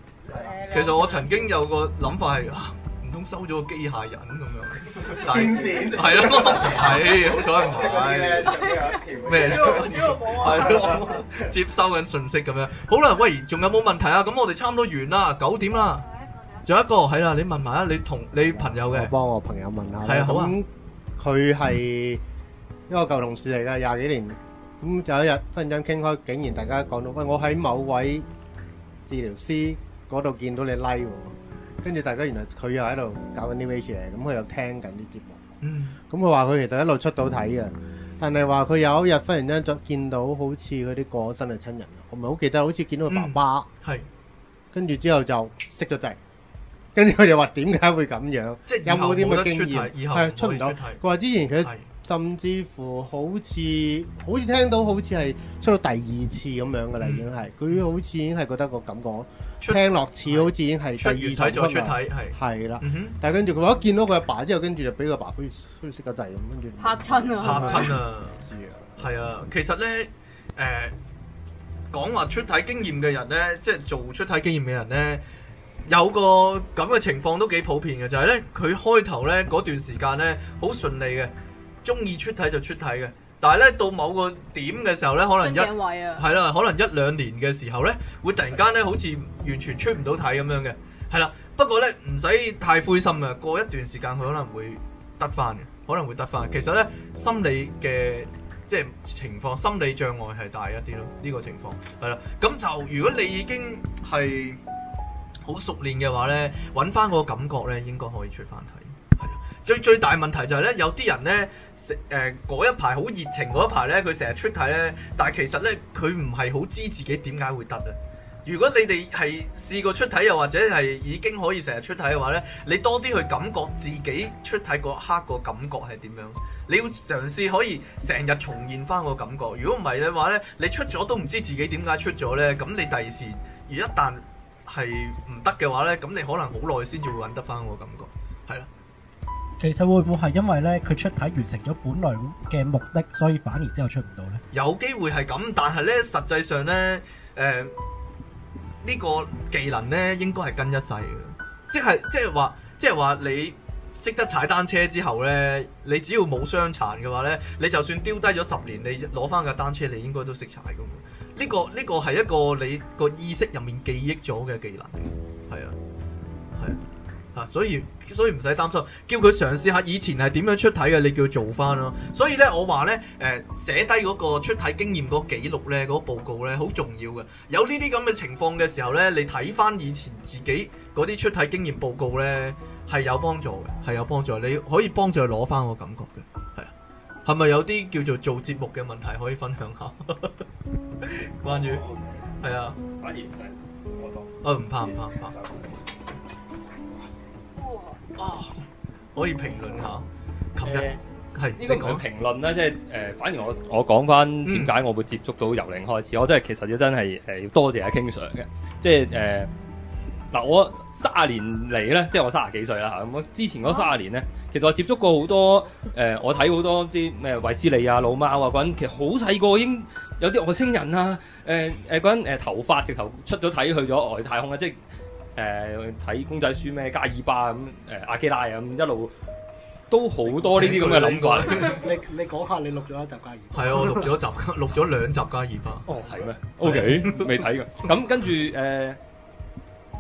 其實我曾經有個諗法係啊，唔通收咗個機械人咁樣，但係係咯，係好彩唔係咩？條咩？小木馬係咯，接收緊訊息咁樣。好啦，喂，仲有冇問題啊？咁我哋差唔多完啦，九點啦，仲有一個係啦，你問埋啊，你同你朋友嘅，幫我朋友問下，係啊，好啊。佢係一個舊同事嚟嘅，廿幾年咁有一日忽然之間傾開，竟然大家講到喂，我喺某位治療師嗰度見到你 like 喎，跟住大家原來佢又喺度搞緊啲咩嘢咁佢又聽緊啲節目，嗯，咁佢話佢其實一路出體嘅，但係話佢有一日忽然間就見到好似佢啲過身嘅親人，我咪好記得好似見到佢爸爸，係、嗯，跟住之後就熄咗機。跟住佢就話點解會咁樣？即係有冇啲咁嘅經驗？係出唔到。佢話之前佢甚至乎好似好似聽到好似係出到第二次咁樣嘅已經係。佢好似已經係覺得個感覺聽落似好似已經係第二次出。出體係啦。但係跟住佢話一見到佢阿爸之後，跟住就俾佢阿爸好似好似識咗仔。咁，跟住嚇親啊！嚇親啊！唔知啊。係啊，其實咧誒講話出體經驗嘅人咧，即係做出體經驗嘅人咧。有個咁嘅情況都幾普遍嘅，就係呢，佢開頭呢嗰段時間呢，好順利嘅，中意出體就出體嘅，但係呢，到某個點嘅時候呢，可能一係啦，可能一兩年嘅時候呢，會突然間呢，好似完全出唔到體咁樣嘅，係啦。不過呢，唔使太灰心呀，過一段時間佢可能會得翻嘅，可能會得翻。其實呢，心理嘅即係情況，心理障礙係大一啲咯，呢個情況係啦。咁就如果你已經係。好熟練嘅話呢，揾翻個感覺呢，應該可以出翻體。係啊，最最大問題就係呢，有啲人呢，食、呃、嗰一排好熱情嗰一排呢，佢成日出體呢。但係其實呢，佢唔係好知自己點解會得啊。如果你哋係試過出體，又或者係已經可以成日出體嘅話呢，你多啲去感覺自己出體嗰刻個感覺係點樣？你要嘗試可以成日重現翻個感覺。如果唔係嘅話呢，你出咗都唔知自己點解出咗呢。咁你第二時而一旦係唔得嘅話呢，咁你可能好耐先至會揾得翻，我感覺係啦。其實會唔會係因為呢？佢出體完成咗本來嘅目的，所以反而之後出唔到呢？有機會係咁，但係呢，實際上呢，誒，呃，呢個技能呢，應該係跟一世嘅，即係即係話即係話你識得踩單車之後呢，你只要冇傷殘嘅話呢，你就算丟低咗十年，你攞翻架單車你應該都識踩噶。呢、個呢個係一個你個意識入面記憶咗嘅技能，係啊，係啊，所以所以唔使擔心，叫佢嘗試下以前係點樣出體嘅，你叫佢做翻咯。所以咧，我話咧，誒寫低嗰個出體經驗嗰記錄咧，嗰報告咧，好重要嘅。有呢啲咁嘅情況嘅時候咧，你睇翻以前自己嗰啲出體經驗報告咧，係有幫助嘅，係有幫助，你可以幫助佢攞翻個感覺嘅。係咪有啲叫做做節目嘅問題可以分享下？ 關於注係、哦 okay. 啊，反而唔係我當，我唔怕唔怕，怕，怕，怕啊！可以評論下，琴日係應該評論咧，即係誒，反而我我講翻點解我會接觸到由靈開始，我真係其實真係誒要多謝阿 King Sir 嘅，即係誒嗱，我卅年嚟咧，即係我卅幾歲啦嚇，我之前嗰卅年咧。啊。其實我接觸過好多，誒、呃，我睇好多啲咩維斯利啊、老貓啊嗰種，其實好細個已經有啲外星人啊，誒誒嗰種誒頭髮直頭出咗體去咗外太空啊，即係誒睇公仔書咩加爾巴咁，誒、呃、阿基拉啊咁、嗯、一路都好多呢啲咁嘅諗法。你你講下你錄咗一集加爾巴？係啊、 哦，我錄咗一集，錄咗兩集加爾巴。哦，係咩？O K，未睇噶。咁跟住誒、呃，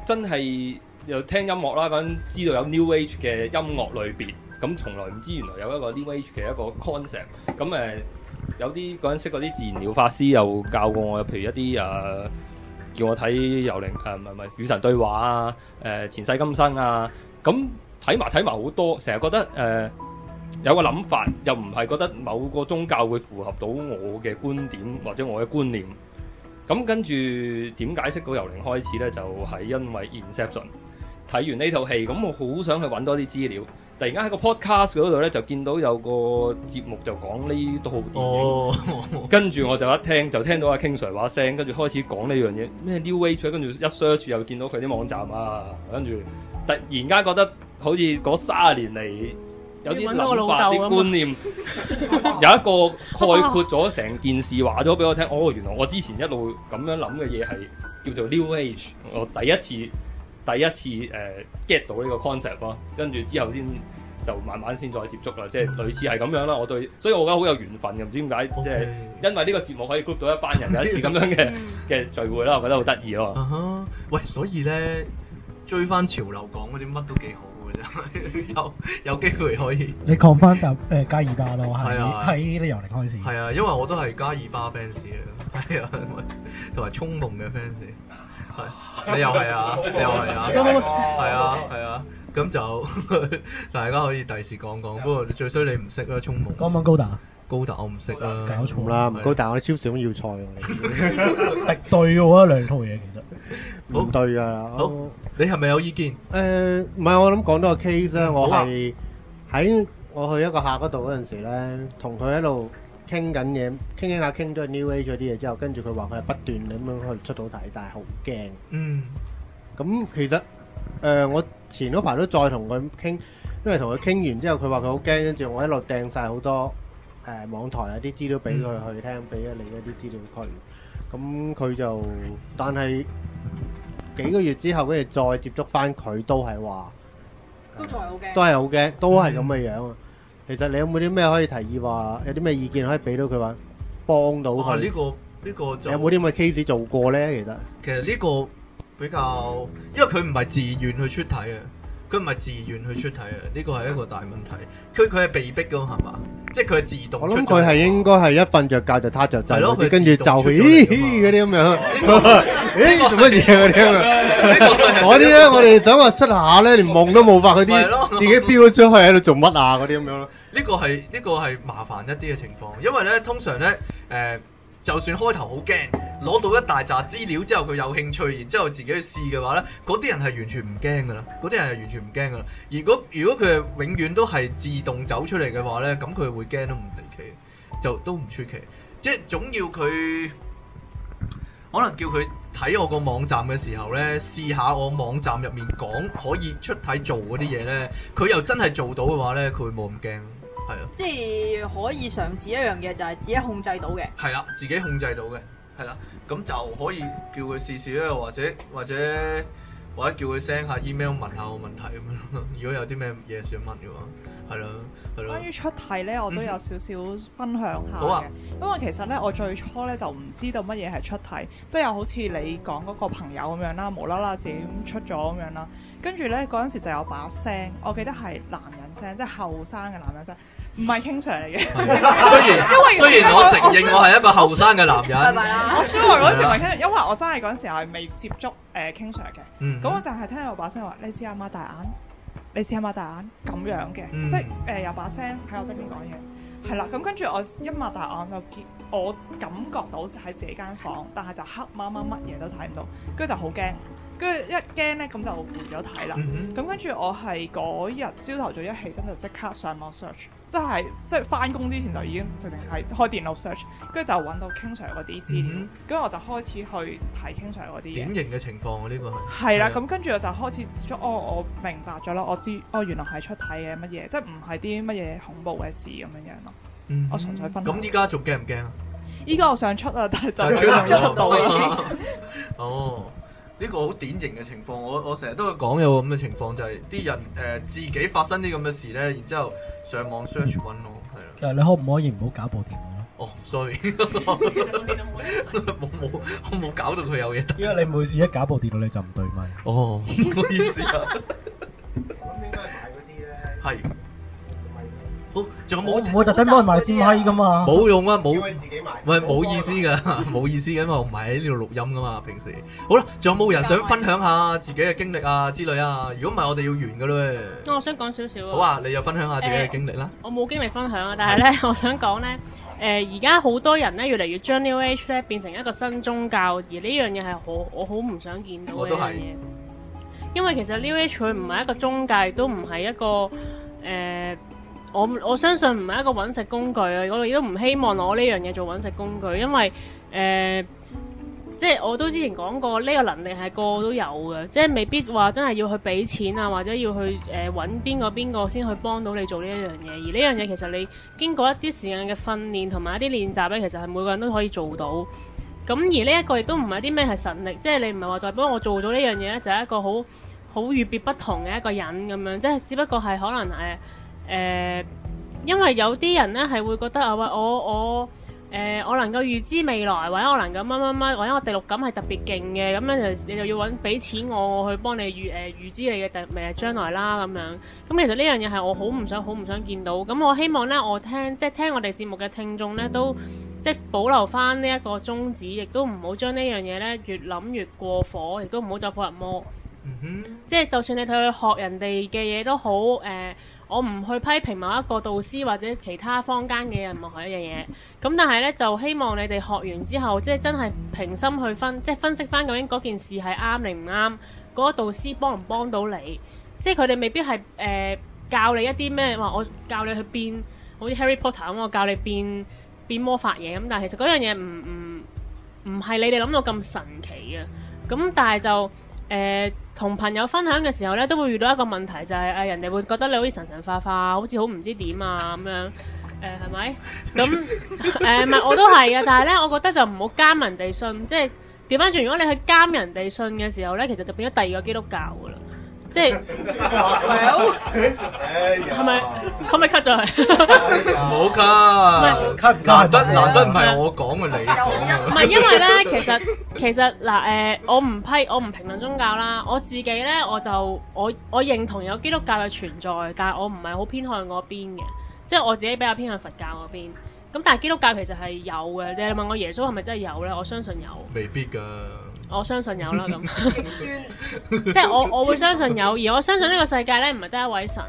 真係又聽音樂啦，咁知道有 New Age 嘅音樂類別。咁從來唔知，原來有一個 New Age 嘅一個 concept。咁誒，有啲嗰陣識嗰啲自然療法師，又教過我，譬如一啲誒、呃，叫我睇《幽靈》呃，誒唔係唔係《與神對話》啊，誒《前世今生》啊。咁睇埋睇埋好多，成日覺得誒、呃、有個諗法，又唔係覺得某個宗教會符合到我嘅觀點或者我嘅觀念。咁跟住點解釋到嗰個《由靈開始》咧？就係、是、因為 Inception。睇完呢套戲，咁我好想去揾多啲資料。突然間喺個 podcast 嗰度呢，就見到有個節目就講呢套電影。跟住、哦、 我就一聽就聽到阿 King Sir 話聲，跟住開始講呢樣嘢。咩 New Age？跟住一 search 又見到佢啲網站啊，跟住突然間覺得好似嗰三十年嚟有啲諗法、啲觀念， 有一個概括咗成件事話咗俾我聽。哦，原來我之前一路咁樣諗嘅嘢係叫做 New Age。我第一次。第一次誒 get 到呢個 concept 咯，跟住之後先就慢慢先再接觸啦，即係類似係咁樣啦。我對，所以我覺得好有緣分嘅，唔知點解，即係 Okay. 因為呢個節目可以 group 到一班人有一次咁樣嘅嘅 聚會啦，我覺得好得意喎。Uh huh. 喂，所以咧追翻潮流講嗰啲乜都幾好嘅啫， 有有機會可以你抗翻集誒加爾巴咯，係係啲由靈開始。係啊，因為我都係加爾巴 fans 嚟，係啊，同埋衝動嘅 fans。係，你又係啊，你又係啊，係啊，係啊，咁就大家可以第時講講。不過最衰你唔識啊，充夢。剛剛高達，高達我唔識啊，搞錯啦，唔高達，我超少要菜，敵對噶喎，兩套嘢其實。好對啊，好，你係咪有意見？誒，唔係，我諗講咗個 case 啦，我係喺我去一個客嗰度嗰陣時咧，同佢喺度。傾緊嘢，傾傾下傾咗 New Age 嗰啲嘢之後，跟住佢話佢係不斷咁樣去出到題，但係好驚。嗯，咁其實誒、呃，我前嗰排都再同佢傾，因為同佢傾完之後，佢話佢好驚，跟住我一路掟晒好多誒、呃、網台啊啲資料俾佢去聽，俾咗、嗯、你嗰啲資料佢，咁佢就，但係幾個月之後，跟住再接觸翻佢都係話，都仲係好驚，都係咁嘅樣啊。嗯嗯。其實你有冇啲咩可以提議？話有啲咩意見可以俾到佢話幫到佢？呢個呢個有冇啲咁嘅 case 做過咧？其實其實呢個比較，因為佢唔係自願去出體嘅，佢唔係自願去出體嘅，呢個係一個大問題。佢佢係被逼嘅，係嘛？即係佢自動，咁佢係應該係一瞓着覺就踏著掣，跟住就咦嗰啲咁樣。咦做乜嘢嗰啲啊？嗰啲咧，我哋想話測下咧，連夢都冇發嗰啲，自己標咗出去喺度做乜啊？嗰啲咁樣咯。呢個係呢個係麻煩一啲嘅情況，因為呢，通常呢，誒、呃，就算開頭好驚，攞到一大紮資料之後佢有興趣，然之後自己去試嘅話呢，嗰啲人係完全唔驚噶啦，嗰啲人係完全唔驚噶啦。如果如果佢永遠都係自動走出嚟嘅話呢，咁佢會驚都唔離奇，就都唔出奇。即係總要佢可能叫佢睇我個網站嘅時候呢，試下我網站入面講可以出體做嗰啲嘢呢，佢又真係做到嘅話呢佢會冇咁驚。係咯，即係可以嘗試一樣嘢，就係、啊、自己控制到嘅。係啦、嗯啊，自己控制到嘅，係啦、啊，咁就可以叫佢試試啦，或者或者或者叫佢 send 下 email 問下我問題咁樣，如果有啲咩嘢想問嘅話，係咯、啊，係咯、啊。關於出題咧，嗯、我都有少少分享下嘅，好啊、因為其實咧，我最初咧就唔知道乜嘢係出題，即係又好似你講嗰個朋友咁樣啦，無啦啦自己出咗咁樣啦。跟住咧嗰陣時就有把聲，我記得係男人聲，即係後生嘅男人聲。唔係傾 Sir 嚟嘅，雖然 雖然我承認我係一個後生嘅男人。我初話嗰時唔係傾，因為我真係嗰陣時係未接觸誒傾 Sir 嘅。咁、uh, 嗯、哼我就係聽到我把聲話，你試下擘大眼，你試下擘大眼咁樣嘅，即係誒有把聲喺我側邊講嘢。係啦，咁跟住我一擘大眼就見，我感覺到喺自己間房，但係就黑媽媽，乜嘢都睇唔到，跟住就好驚。跟住一驚咧，咁就換咗睇啦。咁跟住我係嗰日朝頭早一起身就即刻上網 search，即係即係翻工之前就已經直情係開電腦 search。跟住就揾到 King Sir 嗰啲資料，跟住、嗯、哼我就開始去睇 King Sir 嗰啲典型嘅情況、啊。呢個係、係啦。咁跟住我就開始，哦，我明白咗啦，我知哦，原來係出體嘅乜嘢，即係唔係啲乜嘢恐怖嘅事咁樣樣咯。嗯、哼我純粹分咁依家仲驚唔驚啊？依家、嗯、我想出啊，但係就，就出到哦。呢個好典型嘅情況，我我成日都會講有個咁嘅情況，就係、是、啲人誒、呃、自己發生啲咁嘅事咧，然之後上網 search n 揾咯，係咯。其實你可唔可以唔好搞部電腦咧？哦、oh,，sorry，冇 冇， 我冇搞到佢有嘢。因為你每次一搞部電腦你就唔對，咪？哦，唔好意思啊。咁應該係買嗰啲咧。係。好，仲、哦、有冇？我，有有我特登買支咪噶嘛？冇用啊，冇，喂，冇意思噶，冇 意思噶嘛，因為，我唔係喺呢度錄音噶嘛，平時。好啦，仲有冇人想分享下自己嘅經歷啊之類點點啊？如果唔係，我哋要完噶啦。我想講少少。好啊，你又分享下自己嘅經歷啦、欸。我冇經歷分享啊，但係咧，是我想講咧，誒、呃，而家好多人咧，越嚟越將 New Age 咧變成一個新宗教，而呢樣嘢係我我好唔想見到我都係。因為其實 New Age 佢唔係一個宗教，都唔係一個誒。我我相信唔係一個揾食工具啊！我哋都唔希望攞呢樣嘢做揾食工具，因為誒、呃，即係我都之前講過，呢、這個能力係個個都有嘅，即係未必話真係要去俾錢啊，或者要去誒揾邊個邊個先去幫到你做呢一樣嘢。而呢樣嘢其實你經過一啲時間嘅訓練同埋一啲練習咧，其實係每個人都可以做到。咁而呢一個亦都唔係啲咩係神力，即係你唔係話代表我做咗呢樣嘢咧，就係、是、一個好好與別不同嘅一個人咁樣，即係只不過係可能誒。誒、呃，因為有啲人咧係會覺得啊，喂，我我誒、呃，我能夠預知未來，或者我能夠乜乜乜，或者我第六感係特別勁嘅，咁樣就你就要揾俾錢我，我去幫你預誒、呃、預知你嘅第誒將來啦咁樣。咁其實呢樣嘢係我好唔想、好唔想見到。咁我希望咧，我聽即係、就是、聽我哋節目嘅聽眾咧，都即係、就是、保留翻呢一個宗旨，亦都唔好將呢樣嘢咧越諗越過火，亦都唔好走火入魔。哼、mm，hmm. 即係就算你去學人哋嘅嘢都好誒。呃我唔去批評某一個導師或者其他坊間嘅人，任何一樣嘢。咁但係呢，就希望你哋學完之後，即係真係平心去分，即係分析翻究竟嗰件事係啱定唔啱，嗰個導師幫唔幫到你？即係佢哋未必係誒、呃、教你一啲咩，話我教你去變好似 Harry Potter 咁，我教你變變魔法嘢咁。但係其實嗰樣嘢唔唔唔係你哋諗到咁神奇嘅。咁但係就。誒同、呃、朋友分享嘅時候咧，都會遇到一個問題，就係、是、誒、呃、人哋會覺得你好似神神化化，好似好唔知點啊咁樣，誒係咪？咁誒唔係我都係嘅， 但係咧，我覺得就唔好監人哋信，即係調翻轉，如果你去監人哋信嘅時候咧，其實就變咗第二個基督教㗎啦。即係係咪？可唔可以 cut 咗佢？唔好 cut，難得 難得唔係我講嘅 你，唔係 因為咧，其實其實嗱誒、呃，我唔批我唔評論宗教啦。我自己咧，我就我我認同有基督教嘅存在，但係我唔係好偏向嗰邊嘅，即係我自己比較偏向佛教嗰邊。咁但係基督教其實係有嘅。你問我耶穌係咪真係有咧？我相信有。未必㗎。我相信有啦咁， 即係我 我會相信有，而我相信呢個世界咧唔係得一位神，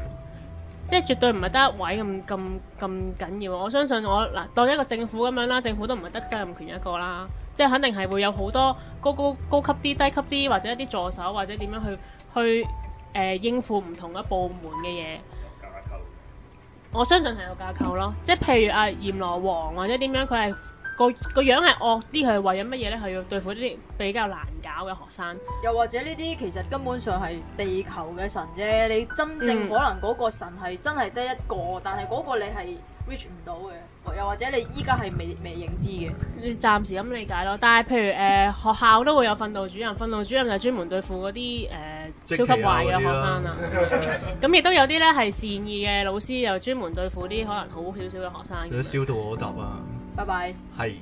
即係絕對唔係得一位，咁咁咁緊要。我相信我嗱，當一個政府咁樣啦，政府都唔係得責任權一個啦，即係肯定係會有好多高高高級啲、低級啲，或者一啲助手或者點樣去去誒、呃、應付唔同嘅部門嘅嘢。架構我相信係有架構咯，即係譬如啊，閻羅王或者點樣，佢係。個個樣係惡啲，係為咗乜嘢咧？係要對付啲比較難搞嘅學生。又或者呢啲其實根本上係地球嘅神啫。你真正可能嗰個神係真係得一個，嗯、但係嗰個你係 reach 唔到嘅。又或者你依家係未未認知嘅。你暫時咁理解咯。但係譬如誒、呃、學校都會有訓導主任，訓導主任就專門對付嗰啲誒超級壞嘅學生啊。咁亦都有啲咧係善意嘅老師，又專門對付啲可能好少少嘅學生。你燒到我揼啊！拜拜，係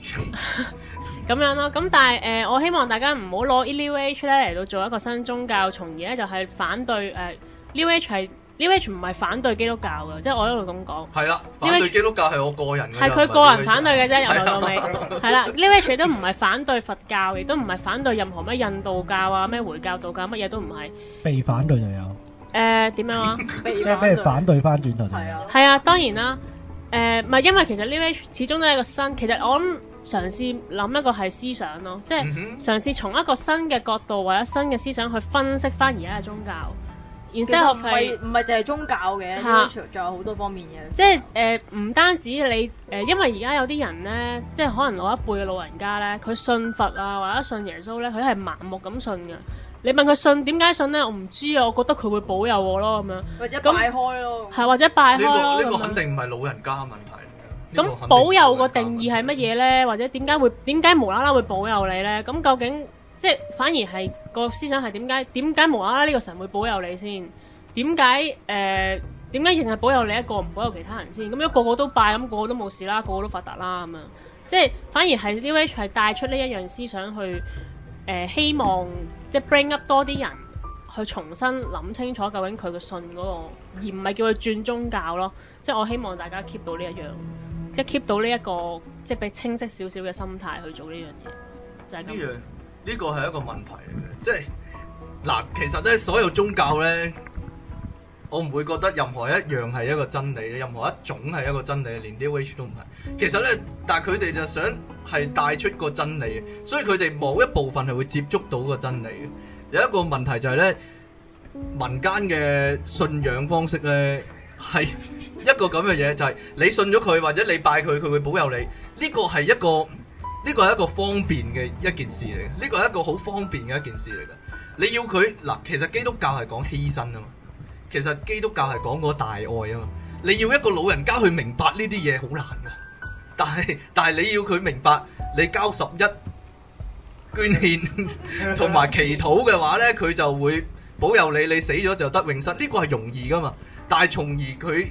咁 Bye 樣咯。咁但係誒、呃，我希望大家唔好攞 New Age 咧嚟到做一個新宗教，從而咧就係反對誒，New Age New Age 唔係反對基督教嘅，即係我一路咁講。係啦、啊，反對基督教係我個人，係佢個人反對嘅啫。由頭到尾係啦，係啦，New Age 都唔係反對佛教，亦都唔係反對任何咩印度教啊，咩回教、教、道教乜嘢都唔係。被反對就有誒，點、呃、樣即係咩反對翻轉頭？係啊，係啊，當然啦。嗯誒，唔係、呃、因為其實呢位始終都係一個新，其實我諗嘗試諗一個係思想咯，即係嘗試從一個新嘅角度或者新嘅思想去分析翻而家嘅宗教，然之後唔係唔係淨係宗教嘅，仲、啊、有好多方面嘅。即係誒，唔、呃、單止你誒、呃，因為而家有啲人咧，即係可能老一輩嘅老人家咧，佢信佛啊或者信耶穌咧，佢係盲目咁信嘅。你問佢信點解信咧？我唔知啊，我覺得佢會保佑我咯，咁樣或者拜開咯，或者拜呢、呢個呢、呢個肯定唔係老人家問題嚟咁樣，保佑個定義係乜嘢咧？或者點解會點解無啦啦會保佑你咧？咁究竟即係反而係個思想係點解點解無啦啦呢個神會保佑你先？點解誒點解淨係保佑你一個唔保佑其他人先？咁如果個個都拜咁，個個都冇事啦，個個都發達啦咁啊，即係反而係呢位係帶出呢一樣思想去誒、呃、希望。即係 bring up 多啲人去重新諗清楚究竟佢嘅信嗰個，而唔係叫佢轉宗教咯。即係我希望大家 keep 到呢一樣，即係 keep 到呢一個，即係比清晰少少嘅心態去做呢樣嘢。就係咁樣，呢個係一個問題嚟嘅。即係嗱，其實咧，所有宗教咧。我唔會覺得任何一樣係一個真理，任何一種係一個真理，連啲 witch 都唔係。其實咧，但係佢哋就想係帶出個真理，所以佢哋某一部分係會接觸到個真理嘅。有一個問題就係咧，民間嘅信仰方式咧，係一個咁嘅嘢，就係你信咗佢或者你拜佢，佢會保佑你。呢個係一個，呢個係一個方便嘅一件事嚟，呢個係一個好方便嘅一件事嚟嘅。你要佢，嗱，其實基督教係講犧牲啊嘛。其實基督教係講個大愛啊嘛，你要一個老人家去明白呢啲嘢好難噶，但係但係你要佢明白你交十一捐獻同埋祈禱嘅話呢，佢就會保佑你，你死咗就得永生，呢個係容易噶嘛。但係從而佢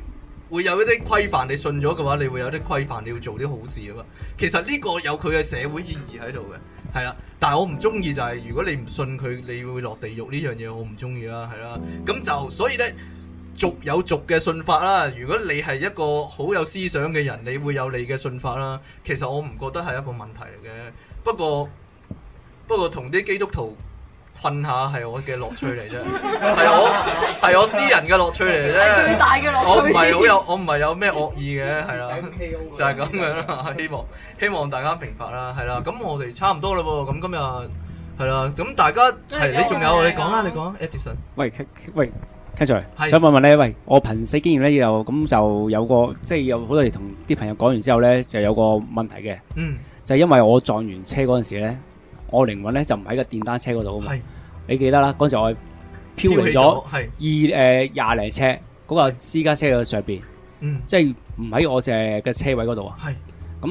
會有一啲規範，你信咗嘅話，你會有啲規範，你要做啲好事啊嘛。其實呢個有佢嘅社會意義喺度嘅。係啦，但係我唔中意就係、是、如果你唔信佢，你會落地獄呢樣嘢，我唔中意啦，係啦，咁就所以呢，俗有俗嘅信法啦。如果你係一個好有思想嘅人，你會有你嘅信法啦。其實我唔覺得係一個問題嚟嘅，不過不過同啲基督徒。困下係我嘅樂趣嚟啫，係我係我私人嘅樂趣嚟啫。最大嘅樂趣。我唔係好有，我唔係有咩惡意嘅，係啦。就係咁樣啦，希望希望大家明白啦，係啦。咁我哋差唔多啦噃，咁今日係啦，咁大家係你仲有你講啦，你講。Edison，喂喂，Catherine，想問問你，喂，我憑死經驗咧，又咁就有個即係有好多時同啲朋友講完之後咧，就有個問題嘅。嗯。就係因為我撞完車嗰陣時咧。我靈魂咧就唔喺個電單車嗰度啊嘛，是你記得啦，嗰陣我飄嚟咗二誒廿零車嗰個私家車嘅上邊，嗯、即係唔喺我只嘅車位嗰度啊。咁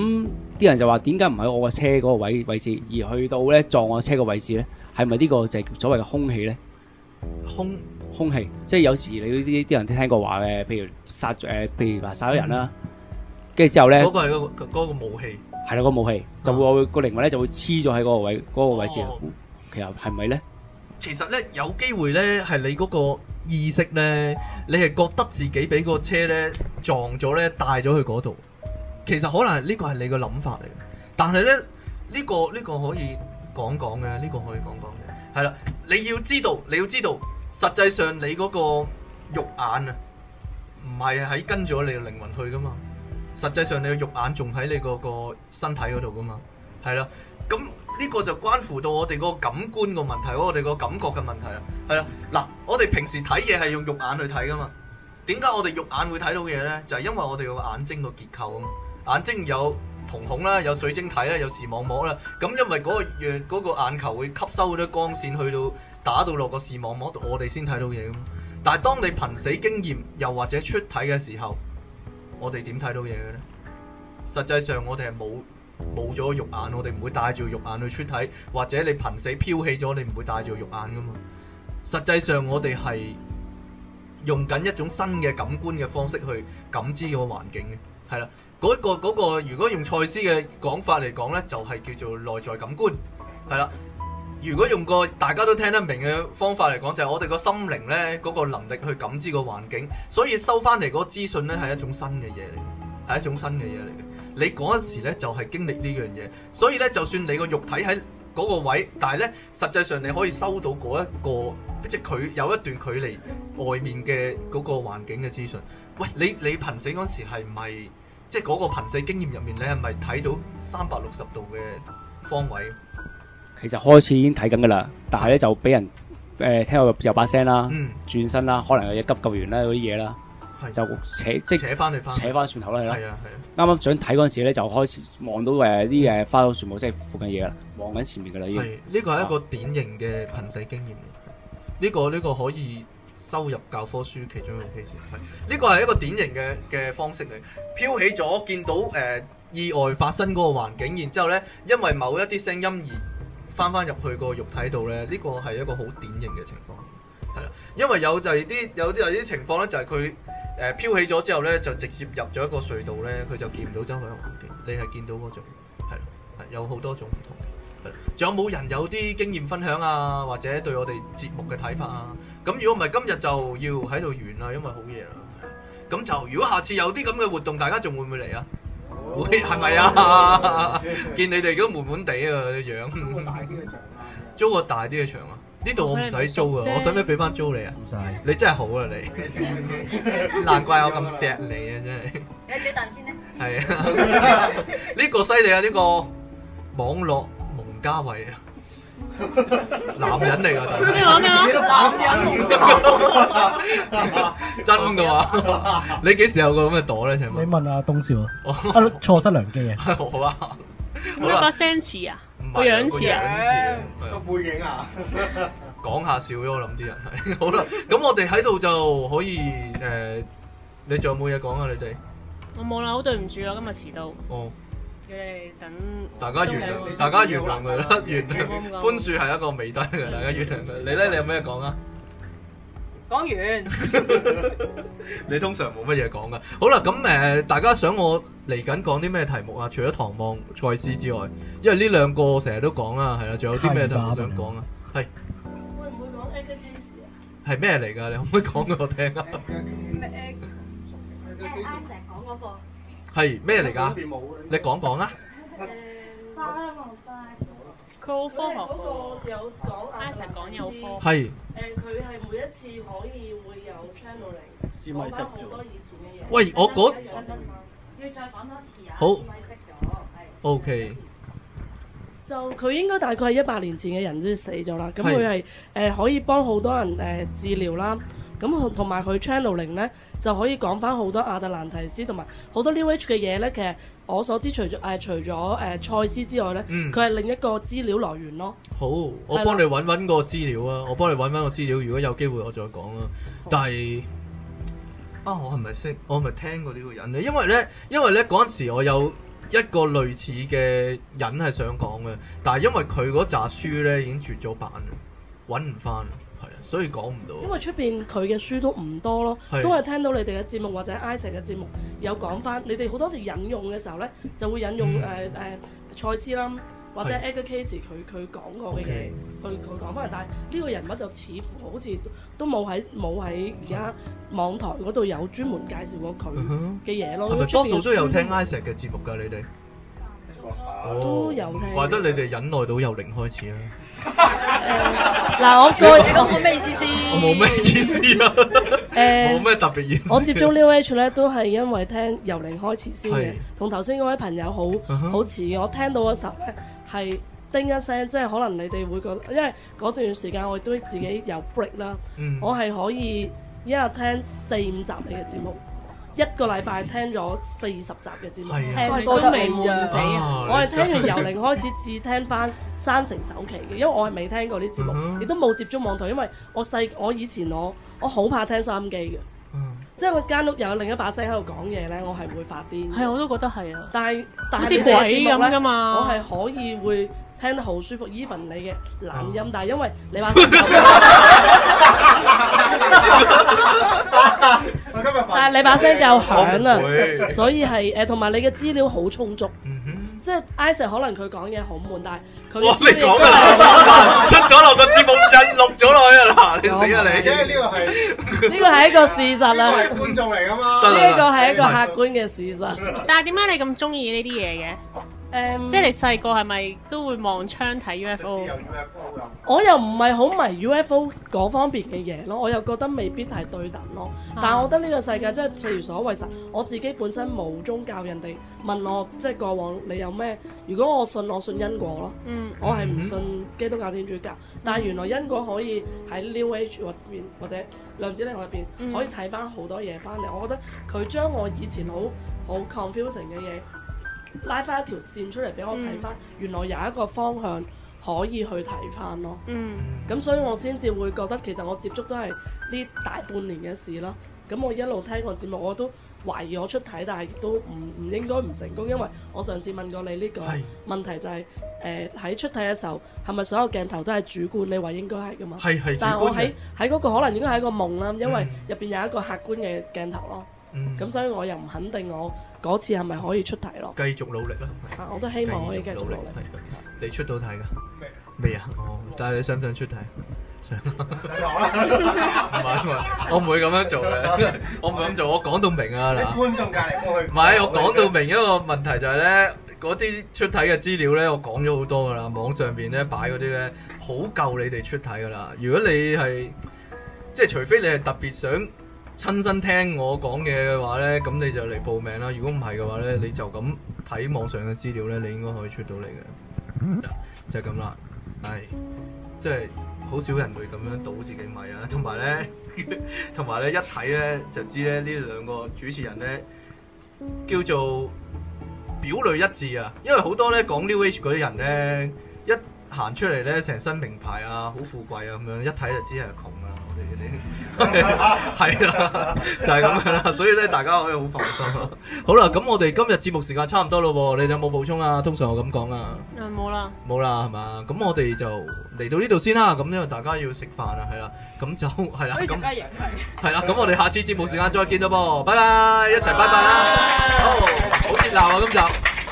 啲是人就話點解唔喺我個車嗰個位位置，而去到咧撞我車個位置咧？係咪呢個就係所謂嘅空氣咧？空空氣，即係有時你啲啲人聽過話嘅，譬如殺誒、呃，譬如話殺咗人啦，跟住、嗯、之後咧，嗰個係、嗰個嗰個武器。係啦，嗰個武器，啊、就會個靈魂咧就會黐咗喺嗰個位嗰，嗰個位先。哦、其實係咪咧？其實咧有機會咧係你嗰個意識咧，你係覺得自己俾個車咧撞咗咧帶咗去嗰度。其實可能呢個係你個諗法嚟嘅。但係咧呢，呢個呢，呢個可以講講嘅，呢，呢個可以講講嘅。係啦，你要知道你要知道，實際上你嗰個肉眼啊，唔係喺跟住你個靈魂去噶嘛。實際上你個肉眼仲喺你個個身體嗰度噶嘛，係啦，咁呢個就關乎到我哋個感官個問題，我哋個感覺嘅問題啦，係啦，嗱，我哋平時睇嘢係用肉眼去睇噶嘛，點解我哋肉眼會睇到嘢呢？就係因為我哋個眼睛個結構啊，眼睛有瞳孔啦，有水晶體啦，有視網膜啦，咁因為嗰個眼球會吸收嗰啲光線去到打到落個視網膜度，我哋先睇到嘢。但係當你瀕死經驗又或者出體嘅時候，我哋點睇到嘢嘅咧？實際上我哋係冇冇咗肉眼，我哋唔會帶住肉眼去出體，或者你瀕死飄起咗，你唔會帶住肉眼㗎嘛。實際上我哋係用緊一種新嘅感官嘅方式去感知個環境嘅，係啦，嗰個、嗰個、如果用賽斯嘅講法嚟講咧，就係叫做內在感官，係啦。如果用個大家都聽得明嘅方法嚟講，就係、是、我哋個心靈呢，嗰、那個能力去感知個環境，所以收翻嚟嗰資訊呢，係一種新嘅嘢嚟，係一種新嘅嘢嚟嘅。你嗰時呢，就係、是、經歷呢樣嘢，所以呢，就算你個肉體喺嗰個位，但係呢，實際上你可以收到嗰、那、一個，即係佢有一段距離外面嘅嗰個環境嘅資訊。喂，你你瀕死嗰時係咪即係嗰個瀕死經驗入面，你係咪睇到三百六十度嘅方位？其實開始已經睇緊噶啦，但係咧就俾人誒、呃、聽到有，有把聲啦，轉身啦，可能有嘢急救完啦嗰啲嘢啦，就扯即係扯翻去翻扯翻船頭嚟啦。係啊係啊。啱啱想睇嗰陣時咧就開始望到誒啲誒花草樹木即係附近嘢啦，望緊前面噶啦已經。呢、這個係一個典型嘅瀕死經驗。呢個呢個可以收入教科書其中一個。係呢個係一個典型嘅嘅方式嚟，飄起咗見到誒意、呃、外發生嗰個環境，然之後咧因為某一啲聲音，音而。翻翻入去個肉體度呢，呢個係一個好典型嘅情況，係啦。因為有就係啲有啲有啲情況呢，就係佢誒漂起咗之後呢，就直接入咗一個隧道呢，佢就見唔到周海嘅環境，你係見到嗰種，有好多種唔同。仲有冇人有啲經驗分享啊？或者對我哋節目嘅睇法啊？咁如果唔係今日就要喺度完啦，因為好夜啦。咁就如果下次有啲咁嘅活動，大家仲會唔會嚟啊？會係咪啊？見你哋都悶悶地啊，個樣租個大啲嘅場啊？呢度我唔使租啊，我想唔想俾翻租你啊？唔使，你真係好啊你，難怪我咁錫你啊真係。你嘴啖先咧。係啊，呢個犀利啊，呢個網絡蒙嘉慧啊。男人嚟噶，男人 真噶嘛嗎？ 你幾時有個咁嘅袋咧？你問阿東少 啊，阿錯失良機 啊！我啊，個聲似啊，啊，個樣似啊，個背景啊，講下笑咗，我諗啲人係好啦。咁我哋喺度就可以誒、呃，你仲有冇嘢講啊？你哋我冇啦，好對唔住啊，今日遲到。哦叫你等大家原諒，大家原諒佢啦，原諒寬恕係一個美德嘅，大家原諒佢。你咧，你有咩講啊？講完，你通常冇乜嘢講噶。好啦，咁誒，大家想我嚟緊講啲咩題目啊？除咗唐望賽斯之外，因為呢兩個我成日都講啊，係啦，仲有啲咩題目想講啊？係會唔會講 A K K 事啊？係咩嚟噶？你可唔可以講俾我聽啊？A A 阿成講嗰個。係咩嚟㗎？你講講啊！佢好科學。嗰個有講，阿成講好科學。係。誒，佢係每一次可以會有 channel 嚟，攞翻好多以前嘅嘢。喂，我要再講多次啊。好。咗，O K。就佢應該大概係一百年前嘅人都死咗啦，咁佢係誒可以幫好多人誒、呃、治療啦。咁同埋佢 channeling 咧，就可以講翻好多亞特蘭提斯同埋好多 New Age 嘅嘢咧。其實我所知除、呃，除咗誒除咗誒賽斯之外咧，佢係、嗯、另一個資料來源咯。好，我幫你揾揾個資料啊！的我幫你揾揾個資料。如果有機會，我再講啦。好但係啊，我係咪識？我係咪聽過呢個人咧？因為咧，因為咧嗰陣時我有一個類似嘅人係想講嘅，但係因為佢嗰紮書咧已經絕咗版，揾唔翻。所以講唔到，因為出邊佢嘅書都唔多咯，是都係聽到你哋嘅節目或者 Isaac 嘅節目有講翻，你哋好多時引用嘅時候咧，就會引用誒誒賽斯啦，或者 Edgar Cayce 佢佢講過嘅嘢去去講翻，但係呢個人物就似乎好似都冇喺冇喺而家網台嗰度有專門介紹過佢嘅嘢咯。係咪、嗯、哼多數都有聽 Isaac 嘅節目㗎？你哋、嗯哦、都有聽、哦，怪得你哋忍耐到由靈開始啦。嗱、 呃，我個你講冇咩意思，先？冇咩意思啊，誒、 呃，冇咩特別意思。我接觸 New Age 咧，都係因為聽由零開始先嘅，同頭先嗰位朋友好好似。我聽到嘅時候咧，係叮一聲，即係可能你哋會覺得，因為嗰段時間我亦都自己有 break 啦。嗯、我係可以一日聽四五集你嘅節目。一個禮拜聽咗四十集嘅節目，啊、聽到都未悶死。啊、我係聽完由靈開始至 聽翻山城首期嘅，因為我係未聽過啲節目，亦、嗯、哼都冇接觸網台，因為我細我以前我我好怕聽收音機嘅，嗯、即係我間屋又有另一把聲喺度講嘢呢，我係會發癲。係，我都覺得係啊。但係，好似鬼咁㗎嘛，我係可以會。嗯聽得好舒服，even 你嘅男音，但係因為你把聲夠，但係你把聲夠響啊，所以係誒，同埋你嘅資料好充足，即係 Isaac 可能佢講嘢好悶，但係佢出咗落個節目印錄咗落去啊！嗱，你死啊你！因為呢個係呢個係一個事實啊，因為觀眾嚟㗎嘛，呢個係一個客觀嘅事實。但係點解你咁中意呢啲嘢嘅？Um, 即係你細個係咪都會望窗睇 UFO？我又唔係好迷 UFO 嗰方面嘅嘢咯，我又覺得未必係對等咯。但係我覺得呢個世界即係譬如所謂神，我自己本身冇宗教人，人哋問我即係過往你有咩？如果我信，我信因果咯。嗯，我係唔信基督教、天主教。嗯、但係原來因果可以喺 New Age 或者量子力學入邊可以睇翻好多嘢翻嚟。我覺得佢將我以前好好 confusing 嘅嘢。拉翻一條線出嚟俾我睇翻，原來有一個方向可以去睇翻咯。嗯，咁所以我先至會覺得其實我接觸都係呢大半年嘅事咯。咁我一路聽個節目，我都懷疑我出體，但係都唔唔應該唔成功，因為我上次問過你呢個問題就係誒喺出體嘅時候係咪所有鏡頭都係主觀？你話應該係噶嘛？係係主觀。但係我喺喺嗰個可能應該係一個夢啦，因為入邊有一個客觀嘅鏡頭咯。咁所以我又唔肯定我嗰次係咪可以出題咯。繼續努力啦！我都希望可以繼續努力。你出到題噶？未啊！哦，但係你想唔想出題？想。唔係，我唔會咁樣做嘅。我唔會咁做，我講到明啊嗱。觀眾隔離去。唔係，我講到明一個問題就係咧，嗰啲出題嘅資料咧，我講咗好多噶啦。網上邊咧擺嗰啲咧，好夠你哋出題噶啦。如果你係即係，除非你係特別想，親身聽我講嘅話呢，咁你就嚟報名啦。如果唔係嘅話呢，你就咁睇網上嘅資料呢，你應該可以出到嚟嘅。 就係咁啦，係，即係好少人會咁樣倒自己米啊。同埋呢，同埋呢，一睇呢，就知咧呢兩個主持人呢，叫做表裏一致啊。因為好多呢講 New Age 嗰啲人呢。一。行出嚟咧，成身名牌啊，好富貴啊，咁樣一睇就知係窮啊！我哋嗰啲係啦，就係咁樣啦。所以咧，大家可以好放心。好啦，咁我哋今日節目時間差唔多咯喎，你有冇補充啊？通常我咁講啊，冇啦，冇啦係嘛？咁我哋就嚟到呢度先啦。咁因為大家要食飯啊，係啦。咁就係啦。可以係啦，咁我哋下次節目時間再見啫噃，拜拜，一齊拜拜啦！Bye. Oh, 好熱鬧啊，今集。